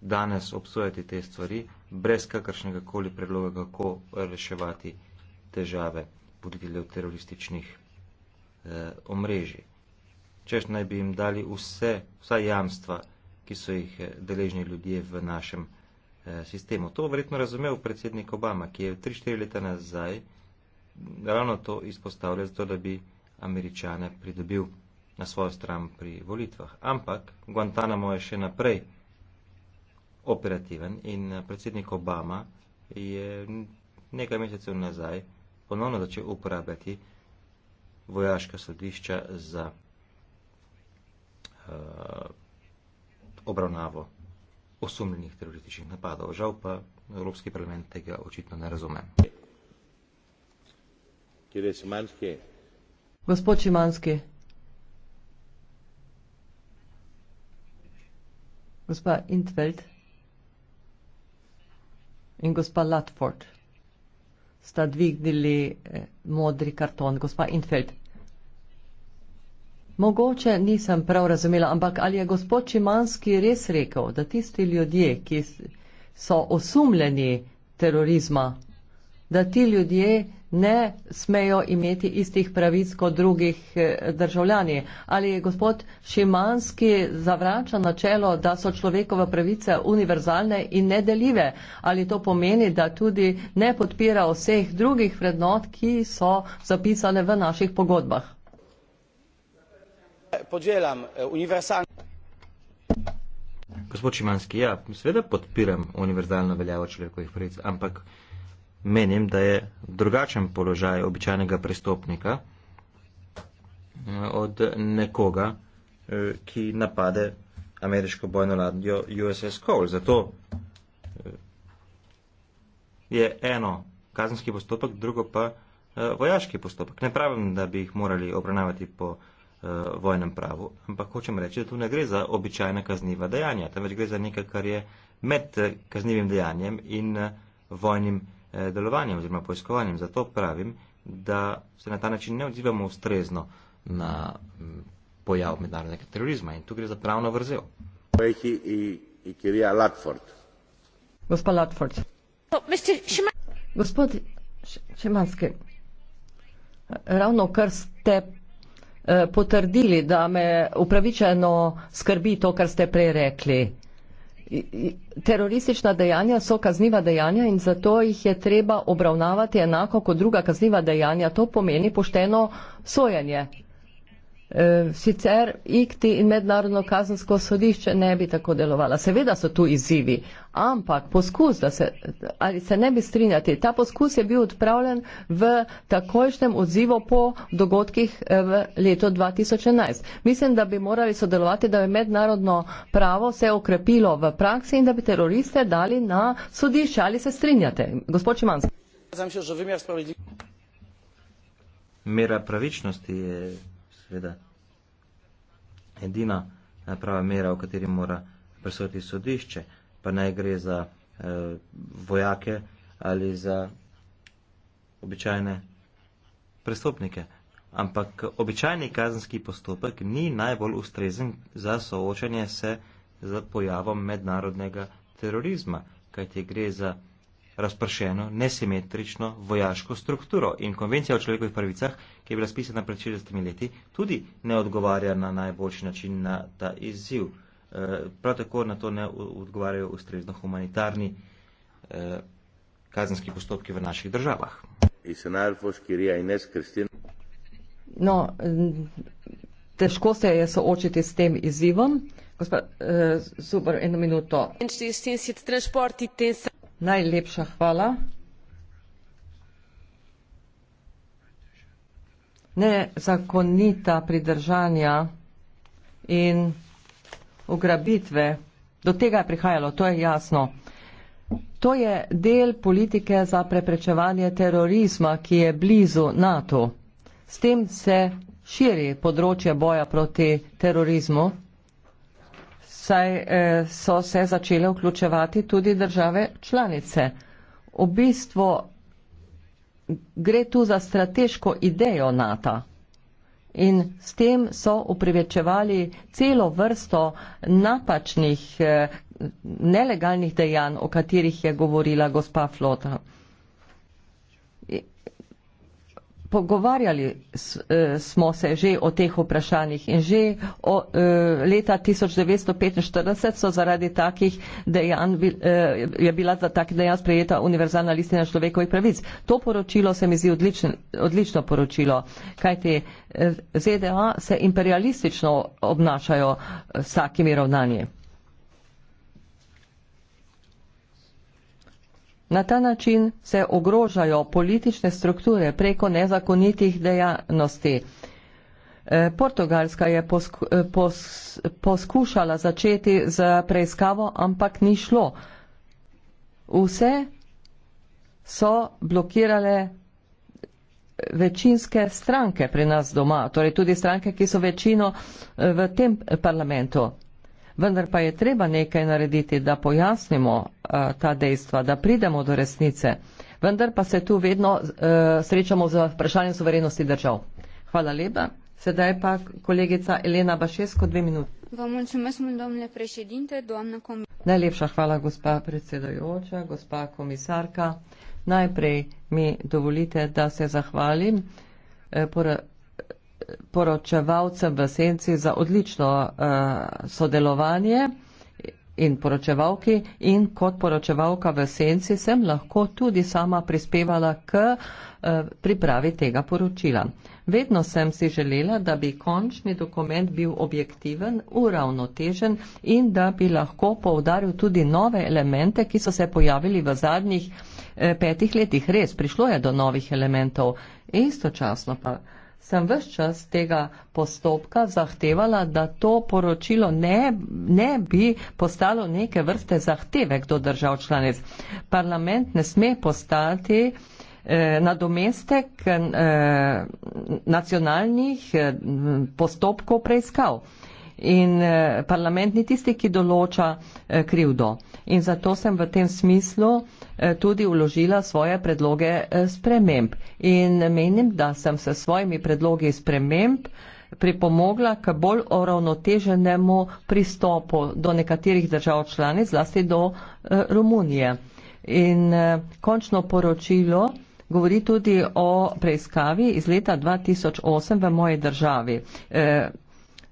danes obsojati te stvari brez kakršnega koli predloga, kako reševati težave voditeljev terorističnih eh, omrežij češ naj bi jim dali vse, vsa jamstva, ki so jih eh, deležni ljudje v našem eh, sistemu. To verjetno razumev predsednik Obama, ki je 3-4 leta nazaj ravno to izpostavlja, zato da bi američane pridobil na svojo stran pri volitvah. Ampak Guantanamo je še naprej operativen in eh, predsednik Obama je nekaj mesecev nazaj ponovno začel uporabljati vojaška sodišča za Eh, obravnavo osumljenih terorističnih napadov. Žal pa Evropski parlament tega očitno ne razume. Gospod Šimanski. Gospa Intveld in gospa Latford sta dvignili eh, modri karton. Gospa Intveld. Mogoče nisem prav razumela, ampak ali je gospod Čimanski res rekel, da tisti ljudje, ki so osumljeni terorizma, da ti ljudje ne smejo imeti istih pravic kot drugih eh, državljani. Ali je gospod Šimanski zavrača načelo, da so človekove pravice univerzalne in nedeljive? Ali to pomeni, da tudi ne podpira vseh drugih vrednot, ki so zapisane v naših pogodbah? podzielam eh, uniwersalne. Gospod Šimanski, ja, seveda podpiram univerzalno veljavo človekovih pravic, ampak menim, da je drugačen položaj običajnega prestopnika eh, od nekoga, eh, ki napade ameriško bojno ladjo USS Cole. Zato je eno kazenski postopek, drugo pa vojaški postopek. Ne pravim, da bi jih morali obravnavati po uh, vojnem pravu. Ampak hočem reči, da tu ne gre za običajna kazniva dejanja, temveč gre za nekaj, kar je med eh, kaznivim dejanjem in uh, vojnim uh, delovanjem oziroma poiskovanjem. Zato pravim, da se na ta način ne odzivamo ustrezno na um, pojav mednarodnega terorizma in tu gre za pravno vrzel. No, Gospod Šimanski, ravno kar ste Eh, potrdili, da me upravičeno skrbi to, kar ste prej rekli. Teroristična dejanja so kazniva dejanja in zato jih je treba obravnavati enako kot druga kazniva dejanja. To pomeni pošteno sojanje. Eh, sicer ikti in mednarodno kazansko sodišče ne bi tako delovala. Seveda so tu izzivi, ampak poskus, da se, ali se ne bi strinjati, ta poskus je bil odpravljen v takojšnjem odzivu po dogodkih eh, v letu 2011. Mislim, da bi morali sodelovati, da bi mednarodno pravo se okrepilo v praksi in da bi teroriste dali na sodišče. Ali se strinjate? Gospod Čimanski. Mera pravičnosti je seveda edina eh, prava mera, v kateri mora presoditi sodišče, pa naj gre za eh, vojake ali za običajne prestopnike. Ampak običajni kazenski postopek ni najbolj ustrezen za soočanje se z pojavom mednarodnega terorizma, kajti gre za razpršeno, nesimetrično vojaško strukturo. In konvencija o človekovih pravicah, ki je bila spisana pred 60 leti, tudi ne odgovarja na najboljši način na ta izziv. E, prav tako na to ne odgovarjajo ustrezno humanitarni e, kazenski postopki v naših državah. No, mm, težko se je soočiti s tem izzivom. Gospod, eh, super, eno minuto. Najlepša hvala. Nezakonita pridržanja in ugrabitve, do tega je prihajalo, to je jasno. To je del politike za preprečevanje terorizma, ki je blizu NATO. S tem se širi področje boja proti terorizmu saj eh, so se začele vključevati tudi države članice. V bistvu gre tu za strateško idejo NATO in s tem so uprivečevali celo vrsto napačnih eh, nelegalnih dejanj, o katerih je govorila gospa Flota. Pogovarjali eh, smo se že o teh vprašanjih in že o, eh, leta 1945 so zaradi takih dejanj, eh, je bila za takih dejanj sprejeta univerzalna listina človekovih pravic. To poročilo se mi zdi odlično, odlično poročilo, kajte ZDA se imperialistično obnašajo s takimi ravnanji. Na ta način se ogrožajo politične strukture preko nezakonitih dejavnosti. E, Portugalska je e, poskušala začeti z preiskavo, ampak ni šlo. Vse so blokirale večinske stranke pri nas doma, torej tudi stranke, ki so večino e, v tem parlamentu vendar pa je treba nekaj narediti, da pojasnimo uh, ta dejstva, da pridemo do resnice. Vendar pa se tu vedno uh, srečamo z vprašanjem suverenosti držav. Hvala lepa. Sedaj pa kolegica Elena Bašesko, dve minuti. Najlepša hvala, gospa predsedajoča, gospa komisarka. Najprej mi dovolite, da se zahvalim. Uh, poročevalcem v senci za odlično uh, sodelovanje in poročevalki in kot poročevalka v senci sem lahko tudi sama prispevala k eh, pripravi tega poročila. Vedno sem si želela, da bi končni dokument bil objektiven, uravnotežen in da bi lahko povdaril tudi nove elemente, ki so se pojavili v zadnjih eh, petih letih. Res, prišlo je do novih elementov. Istočasno pa sem vse čas tega postopka zahtevala, da to poročilo ne, ne bi postalo neke vrste zahtevek do držav članic. Parlament ne sme postati eh, nadomestek eh, nacionalnih eh, postopkov preiskav. In eh, parlament ni tisti, ki določa eh, krivdo. In zato sem v tem smislu Eh, tudi uložila svoje predloge eh, sprememb. In menim, da sem se svojimi predlogi sprememb pripomogla k bolj oravnoteženemu pristopu do nekaterih držav članic, zlasti do eh, Romunije. In končno poročilo govori tudi o preiskavi iz leta 2008 v moji državi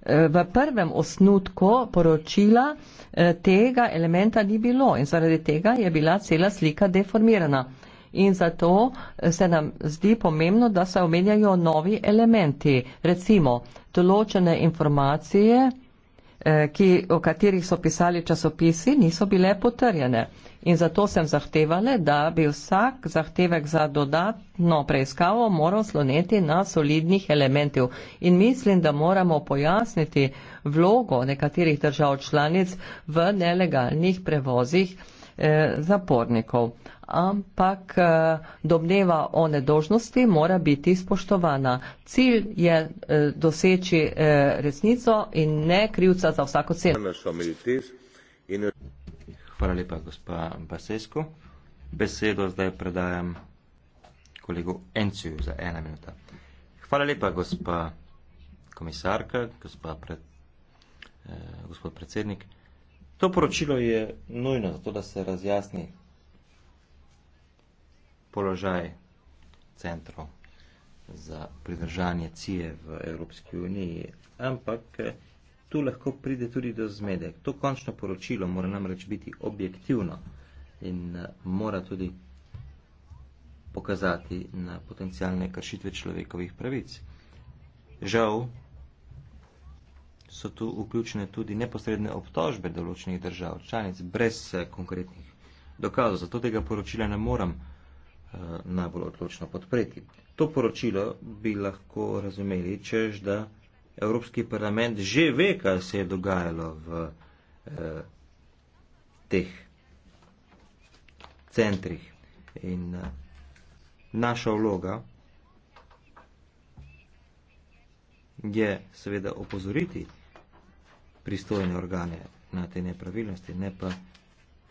v prvem osnutku poročila eh, tega elementa ni bilo in zaradi tega je bila cela slika deformirana. In zato eh, se nam zdi pomembno, da se omenjajo novi elementi, recimo določene informacije, Eh, ki, o katerih so pisali časopisi, niso bile potrjene. In zato sem zahtevala, da bi vsak zahtevek za dodatno preiskavo moral sloneti na solidnih elementih. In mislim, da moramo pojasniti vlogo nekaterih držav članic v nelegalnih prevozih Eh, zapornikov. Ampak eh, domneva o nedožnosti mora biti spoštovana. Cilj je eh, doseči resnico in ne krivca za vsako ceno. Hvala lepa, gospa Basesko. Besedo zdaj predajam kolegu Enciju za ena minuta. Hvala lepa, gospa komisarka, gospa pred, eh, gospod predsednik. Eh, To poročilo je nujno zato, da se razjasni položaj centrov za pridržanje cije v Evropski uniji, ampak eh, tu lahko pride tudi do zmede. To končno poročilo mora namreč biti objektivno in eh, mora tudi pokazati na potencijalne kršitve človekovih pravic. Žal, so tu vključene tudi neposredne obtožbe določenih držav, članic, brez eh, konkretnih dokazov. Zato tega poročila ne moram eh, najbolj odločno podpreti. To poročilo bi lahko razumeli, čež da Evropski parlament že ve, kaj se je dogajalo v eh, teh centrih. In eh, naša vloga je seveda opozoriti pristojne organe na te nepravilnosti, ne pa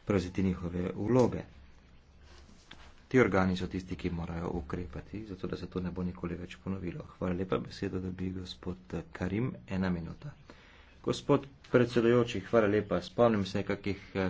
prevzeti njihove vloge. Ti organi so tisti, ki morajo ukrepati, zato da se to ne bo nikoli več ponovilo. Hvala lepa besedo, da bi gospod Karim ena minuta. Gospod predsedojoči, hvala lepa. Spomnim se kakih eh,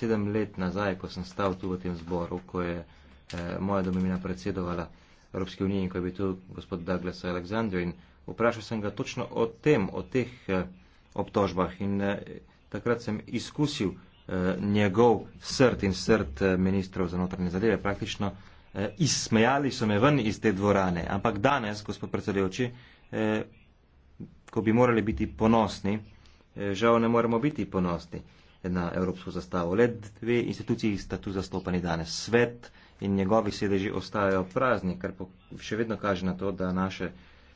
sedem let nazaj, ko sem stal tu v tem zboru, ko je eh, moja domovina predsedovala Evropske unije in ko je bil tu gospod Douglas Aleksandr in vprašal sem ga točno o tem, o teh. Eh, obtožbah. In eh, takrat sem izkusil eh, njegov srd in srd eh, ministrov za notranje zadeve praktično. Izsmejali so me ven iz te dvorane. Ampak danes, gospod predsedujoči, ko bi morali biti ponosni, žal ne moremo biti ponosni na evropsko zastavo. Le dve instituciji sta tu zastopani danes. Svet in njegovi sedeži ostajajo prazni, kar še vedno kaže na to, da naše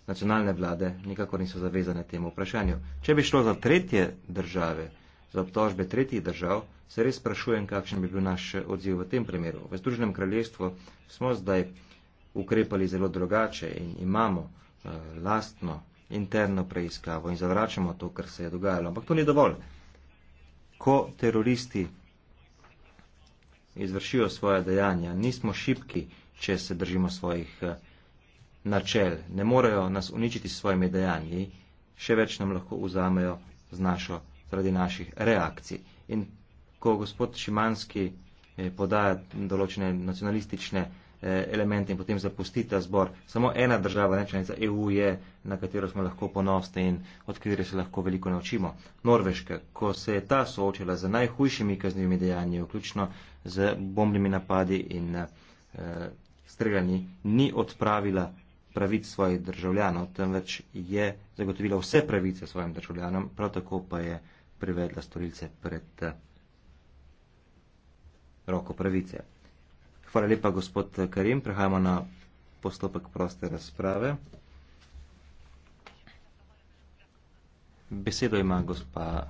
nacionalne vlade nikakor niso zavezane temu vprašanju. Če bi šlo za tretje države, za obtožbe tretjih držav, se res sprašujem, kakšen bi bil naš odziv v tem primeru. V Združenem kraljestvu smo zdaj ukrepali zelo drugače in imamo uh, lastno interno preiskavo in zavračamo to, kar se je dogajalo. Ampak to ni dovolj. Ko teroristi izvršijo svoje dejanja, nismo šipki, če se držimo svojih uh, načel, ne morejo nas uničiti s svojimi dejanji, še več nam lahko vzamejo z našo, zaradi naših reakcij. In ko gospod Šimanski eh, podaja določene nacionalistične eh, elemente in potem zapustite zbor. Samo ena država, ne članica EU je, na katero smo lahko ponosni in od katere se lahko veliko naučimo. Norveška, ko se je ta soočila z najhujšimi kaznivimi dejanji, vključno z bombnimi napadi in e, eh, streljanji, ni odpravila pravic svojih državljanov, temveč je zagotovila vse pravice svojim državljanom, prav tako pa je privedla storilce pred eh, roko pravice. Hvala lepa, gospod Karim. Prehajamo na postopek proste razprave. Besedo ima gospa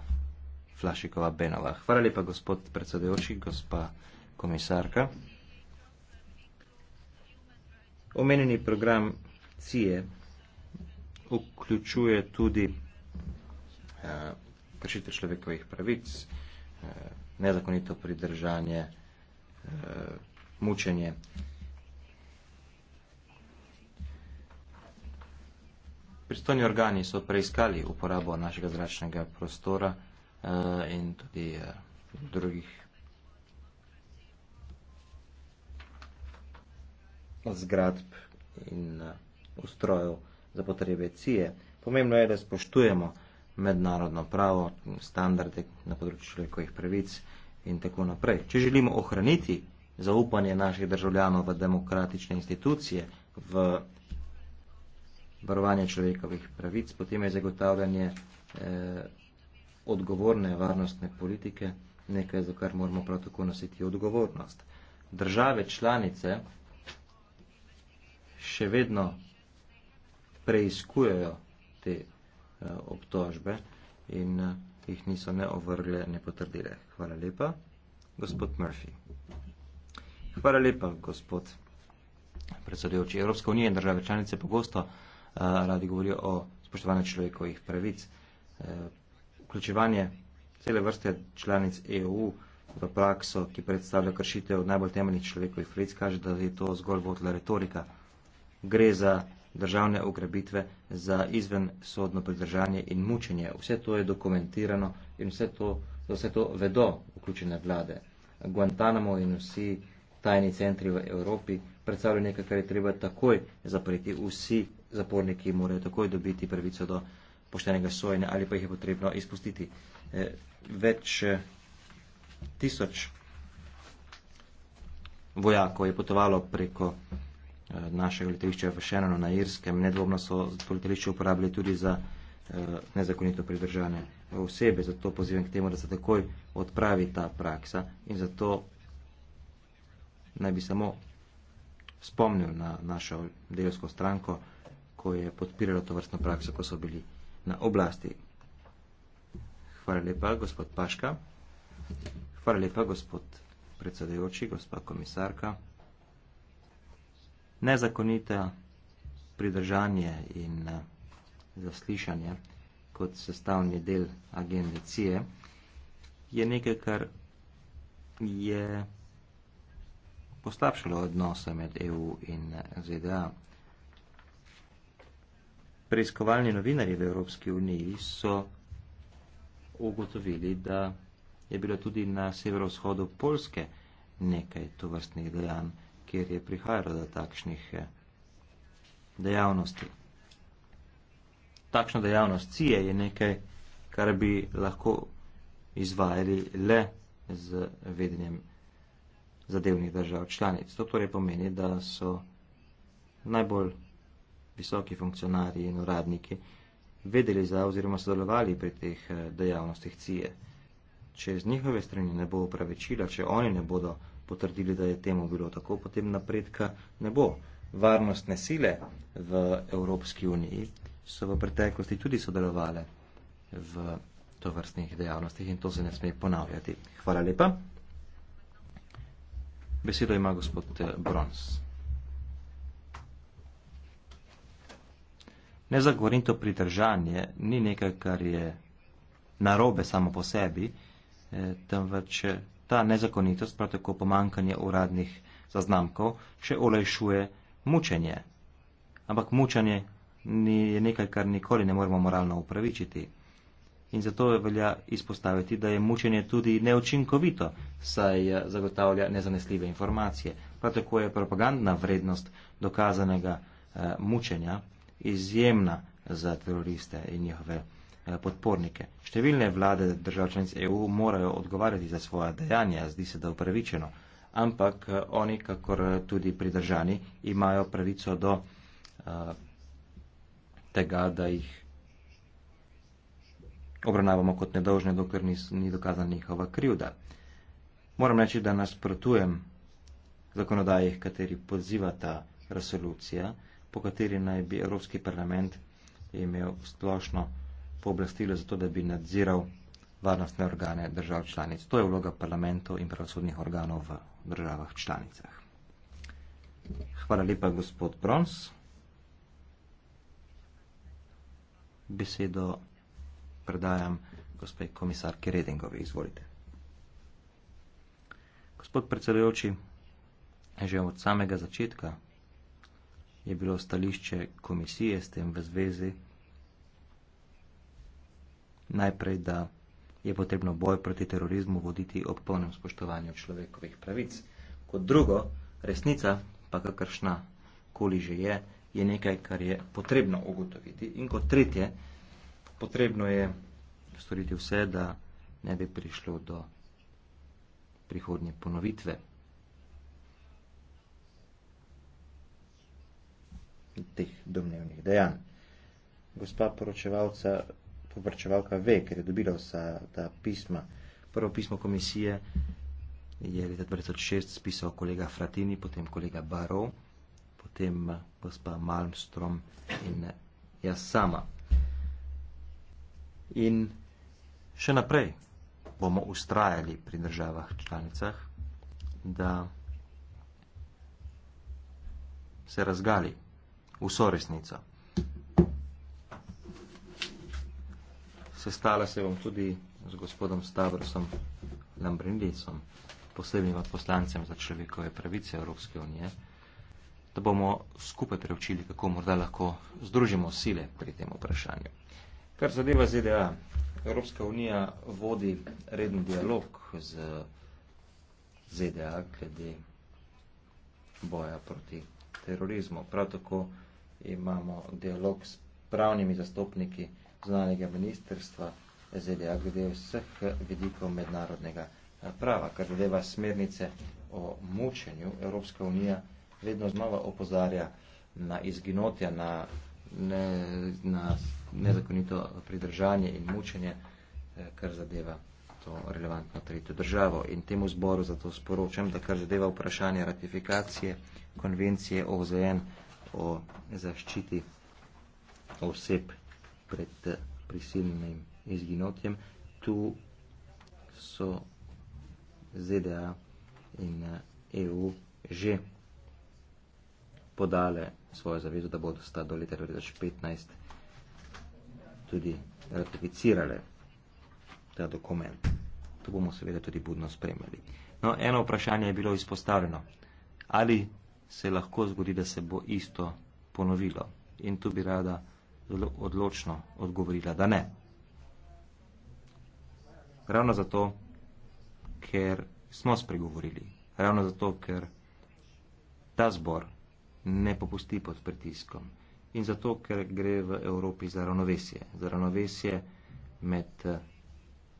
Flašikova Benova. Hvala lepa, gospod predsedujoči, gospa komisarka. Omenjeni program cije vključuje tudi uh, kršitve človekovih pravic, uh, nezakonito pridržanje, uh, mučenje. Pristojni organi so preiskali uporabo našega zračnega prostora uh, in tudi uh, drugih zgradb in uh, ustrojev za potrebe CIE. Pomembno je, da spoštujemo mednarodno pravo, standarde na področju človekovih pravic in tako naprej. Če želimo ohraniti zaupanje naših državljanov v demokratične institucije, v varovanje človekovih pravic, potem je zagotavljanje eh, odgovorne varnostne politike nekaj, za kar moramo prav tako nositi odgovornost. Države članice še vedno preizkujejo te eh, obtožbe in eh, jih niso ne ovrgle, ne potrdile. Hvala lepa, gospod Murphy. Hvala lepa, gospod predsedujoči. Evropska unija in države članice pogosto eh, radi govorijo o spoštovanju človekovih pravic. Vključevanje cele vrste članic EU v prakso, ki predstavlja kršitev najbolj temeljnih človekovih pravic, kaže, da je to zgolj votla retorika. Gre za državne ugrabitve za izven sodno pridržanje in mučenje. Vse to je dokumentirano in vse to, vse to vedo vključene vlade. Guantanamo in vsi tajni centri v Evropi predstavljajo nekaj, kar je treba takoj zapriti. Vsi zaporniki morajo takoj dobiti pravico do poštenega sojenja ali pa jih je potrebno izpustiti. Eh, več eh, tisoč vojakov je potovalo preko Eh, našega letališča v Šenano na Irskem. Nedvomno so to letališče uporabili tudi za eh, nezakonito pridržane osebe, zato pozivam k temu, da se takoj odpravi ta praksa in zato naj bi samo spomnil na našo delsko stranko, ko je podpirala to vrstno prakso, ko so bili na oblasti. Hvala lepa, gospod Paška. Hvala lepa, gospod predsedajoči, gospod komisarka nezakonite pridržanje in eh, zaslišanje kot sestavni del agendicije je nekaj, kar je poslabšalo odnose med EU in eh, ZDA. Preiskovalni novinari v Evropski uniji so ugotovili, da je bilo tudi na severovzhodu Polske nekaj tovrstnih dejanj kjer je prihajalo do takšnih eh, dejavnosti. Takšna dejavnost CIA je nekaj, kar bi lahko izvajali le z vedenjem zadevnih držav članic. To torej pomeni, da so najbolj visoki funkcionarji in uradniki vedeli za oziroma sodelovali pri teh eh, dejavnostih CIA. Če z njihove strani ne bo upravičila, če oni ne bodo upravičili, potrdili, da je temu bilo tako, potem napredka ne bo. Varnostne sile v Evropski uniji so v preteklosti tudi sodelovali v tovrstnih dejavnostih in to se ne sme ponavljati. Hvala lepa. Besedo ima gospod eh, Brons. Nezagovorito pridržanje ni nekaj, kar je narobe samo po sebi, eh, temveč eh, Ta nezakonitost, prav tako pomankanje uradnih zaznamkov, še olajšuje mučenje. Ampak mučenje ni, je nekaj, kar nikoli ne moremo moralno upravičiti. In zato velja izpostaviti, da je mučenje tudi neučinkovito, saj eh, zagotavlja nezanesljive informacije. Prav tako je propagandna vrednost dokazanega eh, mučenja izjemna za teroriste in njihove. Eh, podpornike. Številne vlade držav članic EU morajo odgovarjati za svoja dejanja, zdi se, da upravičeno, ampak eh, oni, kakor eh, tudi pridržani, imajo pravico do tega, da jih obravnavamo kot nedolžne, dokler ni, ni dokazana njihova krivda. Moram reči, da nasprotujem zakonodaji, kateri poziva ta resolucija, po kateri naj bi Evropski parlament imel splošno pooblastilo za to, da bi nadziral varnostne organe držav članic. To je vloga parlamentov in pravosodnih organov v državah članicah. Hvala lepa, gospod Brons. Besedo predajam gospe komisarki Redingovi. Izvolite. Gospod predsedujoči, že od samega začetka je bilo stališče komisije s tem v zvezi najprej, da je potrebno boj proti terorizmu voditi ob polnem spoštovanju človekovih pravic. Kot drugo, resnica, pa kakršna koli že je, je nekaj, kar je potrebno ugotoviti. In kot tretje, potrebno je storiti vse, da ne bi prišlo do prihodnje ponovitve. teh domnevnih dejanj. Gospa poročevalca, poprečevalka ve, ker je dobila vsa ta pisma. Prvo pismo komisije je leta 2006 spisal kolega Fratini, potem kolega Barov, potem eh, gospa Malmstrom in eh, jaz sama. In še naprej bomo ustrajali pri državah članicah, da se razgali vso resnico. sestala se bom tudi z gospodom Stavrosom Lambrindisom, posebnim poslancem za človekove pravice Evropske unije, da bomo skupaj preučili, kako morda lahko združimo sile pri tem vprašanju. Kar zadeva ZDA, Evropska unija vodi reden dialog z ZDA glede boja proti terorizmu. Prav tako imamo dialog s pravnimi zastopniki zunanjega ministrstva ZDA, glede vseh vidikov mednarodnega eh, prava, kar deva smernice o mučenju. Evropska unija vedno znova opozarja na izginotja, na, ne, na nezakonito pridržanje in mučenje, eh, kar zadeva to relevantno tretjo državo. In temu zboru zato sporočam, da kar zadeva vprašanje ratifikacije konvencije OZN o zaščiti oseb pred eh, prisilnim izginotjem. Tu so ZDA in EU eh, e že podale svojo zavezo, da bodo sta do leta 2015 tudi ratificirale ta dokument. To bomo seveda tudi budno spremljali. No, eno vprašanje je bilo izpostavljeno. Ali se lahko zgodi, da se bo isto ponovilo? In tu bi rada zelo odločno odgovorila, da ne. Ravno zato, ker smo spregovorili, ravno zato, ker ta zbor ne popusti pod pritiskom in zato, ker gre v Evropi za ravnovesje, za ravnovesje med eh,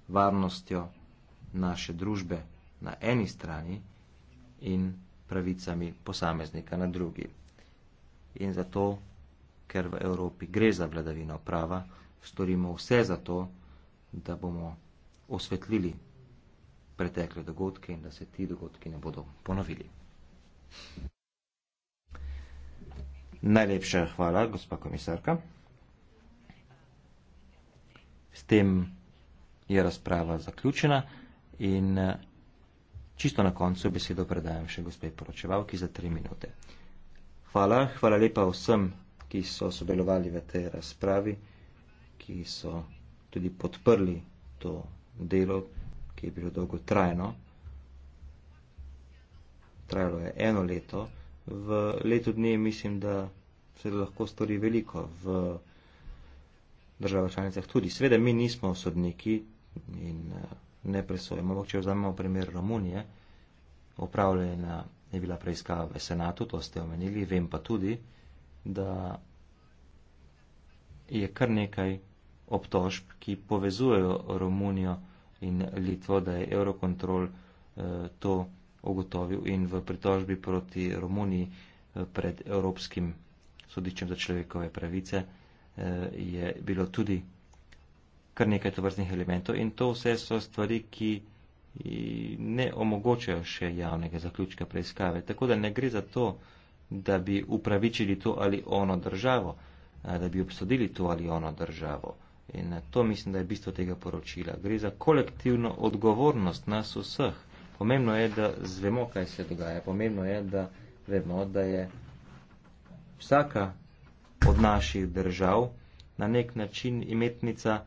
varnostjo naše družbe na eni strani in pravicami posameznika na drugi. In zato ker v Evropi gre za vladavino prava, storimo vse za to, da bomo osvetlili pretekle dogodke in da se ti dogodki ne bodo ponovili. Najlepša hvala, gospa komisarka. S tem je razprava zaključena in eh, čisto na koncu besedo predajam še gospe poročevalki za tri minute. Hvala, hvala lepa vsem ki so sodelovali v tej razpravi, ki so tudi podprli to delo, ki je bilo dolgo trajno. Trajalo je eno leto. V letu dne mislim, da se lahko stori veliko v državah članicah tudi. Sveda mi nismo sodniki in eh, ne presojemo. Če vzamemo primer Romunije, opravljena je bila preiskava v senatu, to ste omenili, vem pa tudi, da je kar nekaj obtožb, ki povezujejo Romunijo in Litvo, da je Eurocontrol eh, to ugotovil in v pritožbi proti Romuniji eh, pred Evropskim sodiščem za človekove pravice eh, je bilo tudi kar nekaj tovrstnih elementov in to vse so stvari, ki ne omogočajo še javnega zaključka preiskave. Tako da ne gre za to, da bi upravičili to ali ono državo, da bi obsodili to ali ono državo. In to mislim, da je bistvo tega poročila. Gre za kolektivno odgovornost nas vseh. Pomembno je, da zvemo, kaj se dogaja. Pomembno je, da vemo, da je vsaka od naših držav na nek način imetnica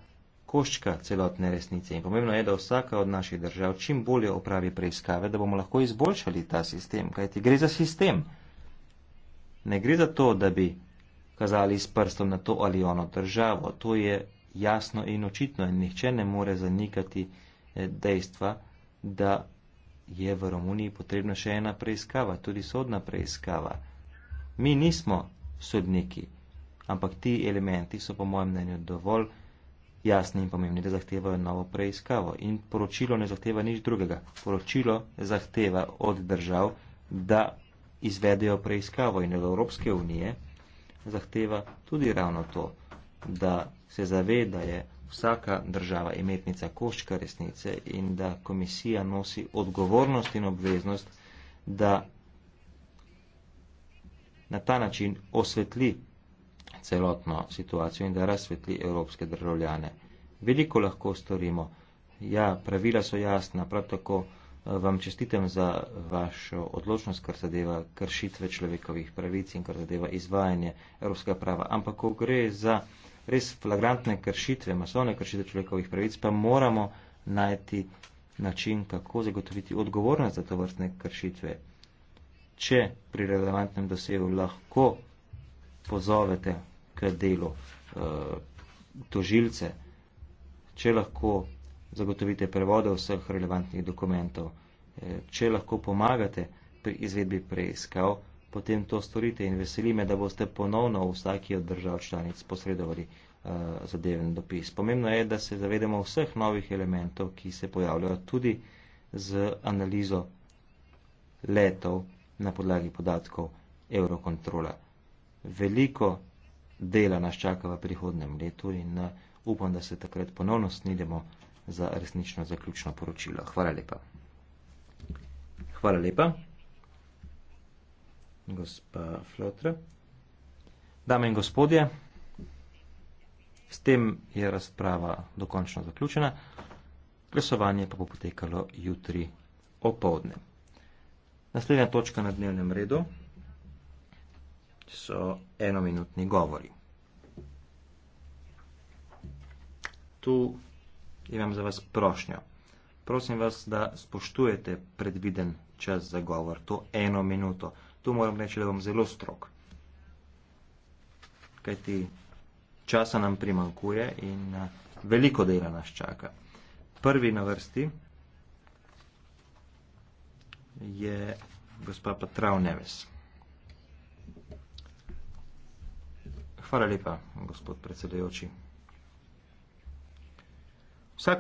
koščka celotne resnice. In pomembno je, da vsaka od naših držav čim bolje opravi preiskave, da bomo lahko izboljšali ta sistem, kajti gre za sistem. Ne gre za to, da bi kazali s prstom na to ali ono državo. To je jasno in očitno in nihče ne more zanikati eh, dejstva, da je v Romuniji potrebna še ena preiskava, tudi sodna preiskava. Mi nismo sodniki, ampak ti elementi so po mojem mnenju dovolj jasni in pomembni, da zahtevajo novo preiskavo. In poročilo ne zahteva nič drugega. Poročilo zahteva od držav, da izvedejo preiskavo in od Evropske unije zahteva tudi ravno to, da se zaveda je vsaka država imetnica koščka resnice in da komisija nosi odgovornost in obveznost, da na ta način osvetli celotno situacijo in da razsvetli evropske državljane. Veliko lahko storimo. Ja, pravila so jasna, prav tako Vam čestitam za vašo odločnost, kar zadeva kršitve človekovih pravic in kar zadeva izvajanje evropskega prava. Ampak, ko gre za res flagrantne kršitve, masovne kršitve človekovih pravic, pa moramo najti način, kako zagotoviti odgovornost za to vrstne kršitve. Če pri relevantnem dosegu lahko pozovete k delu eh, tožilce, če lahko zagotovite prevode vseh relevantnih dokumentov. E, če lahko pomagate pri izvedbi preiskav, potem to storite in veseli me, da boste ponovno v vsaki od držav članic posredovali uh, zadeven dopis. Pomembno je, da se zavedemo vseh novih elementov, ki se pojavljajo tudi z analizo letov na podlagi podatkov Eurokontrola. Veliko dela nas čaka v prihodnem letu in e, upam, da se takrat ponovno snidemo za resnično zaključno poročilo. Hvala lepa. Hvala lepa. Gospa Flotre. Dame in gospodje, s tem je razprava dokončno zaključena. Glasovanje pa bo potekalo jutri opovdne. Naslednja točka na dnevnem redu so enominutni govori. Tu imam za vas prošnjo. Prosim vas, da spoštujete predviden čas za govor, to eno minuto. Tu moram reči, da bom zelo strok. Kaj ti časa nam primankuje in veliko dela nas čaka. Prvi na vrsti je gospa Patrav Neves. Hvala lepa, gospod predsedajoči. Vsako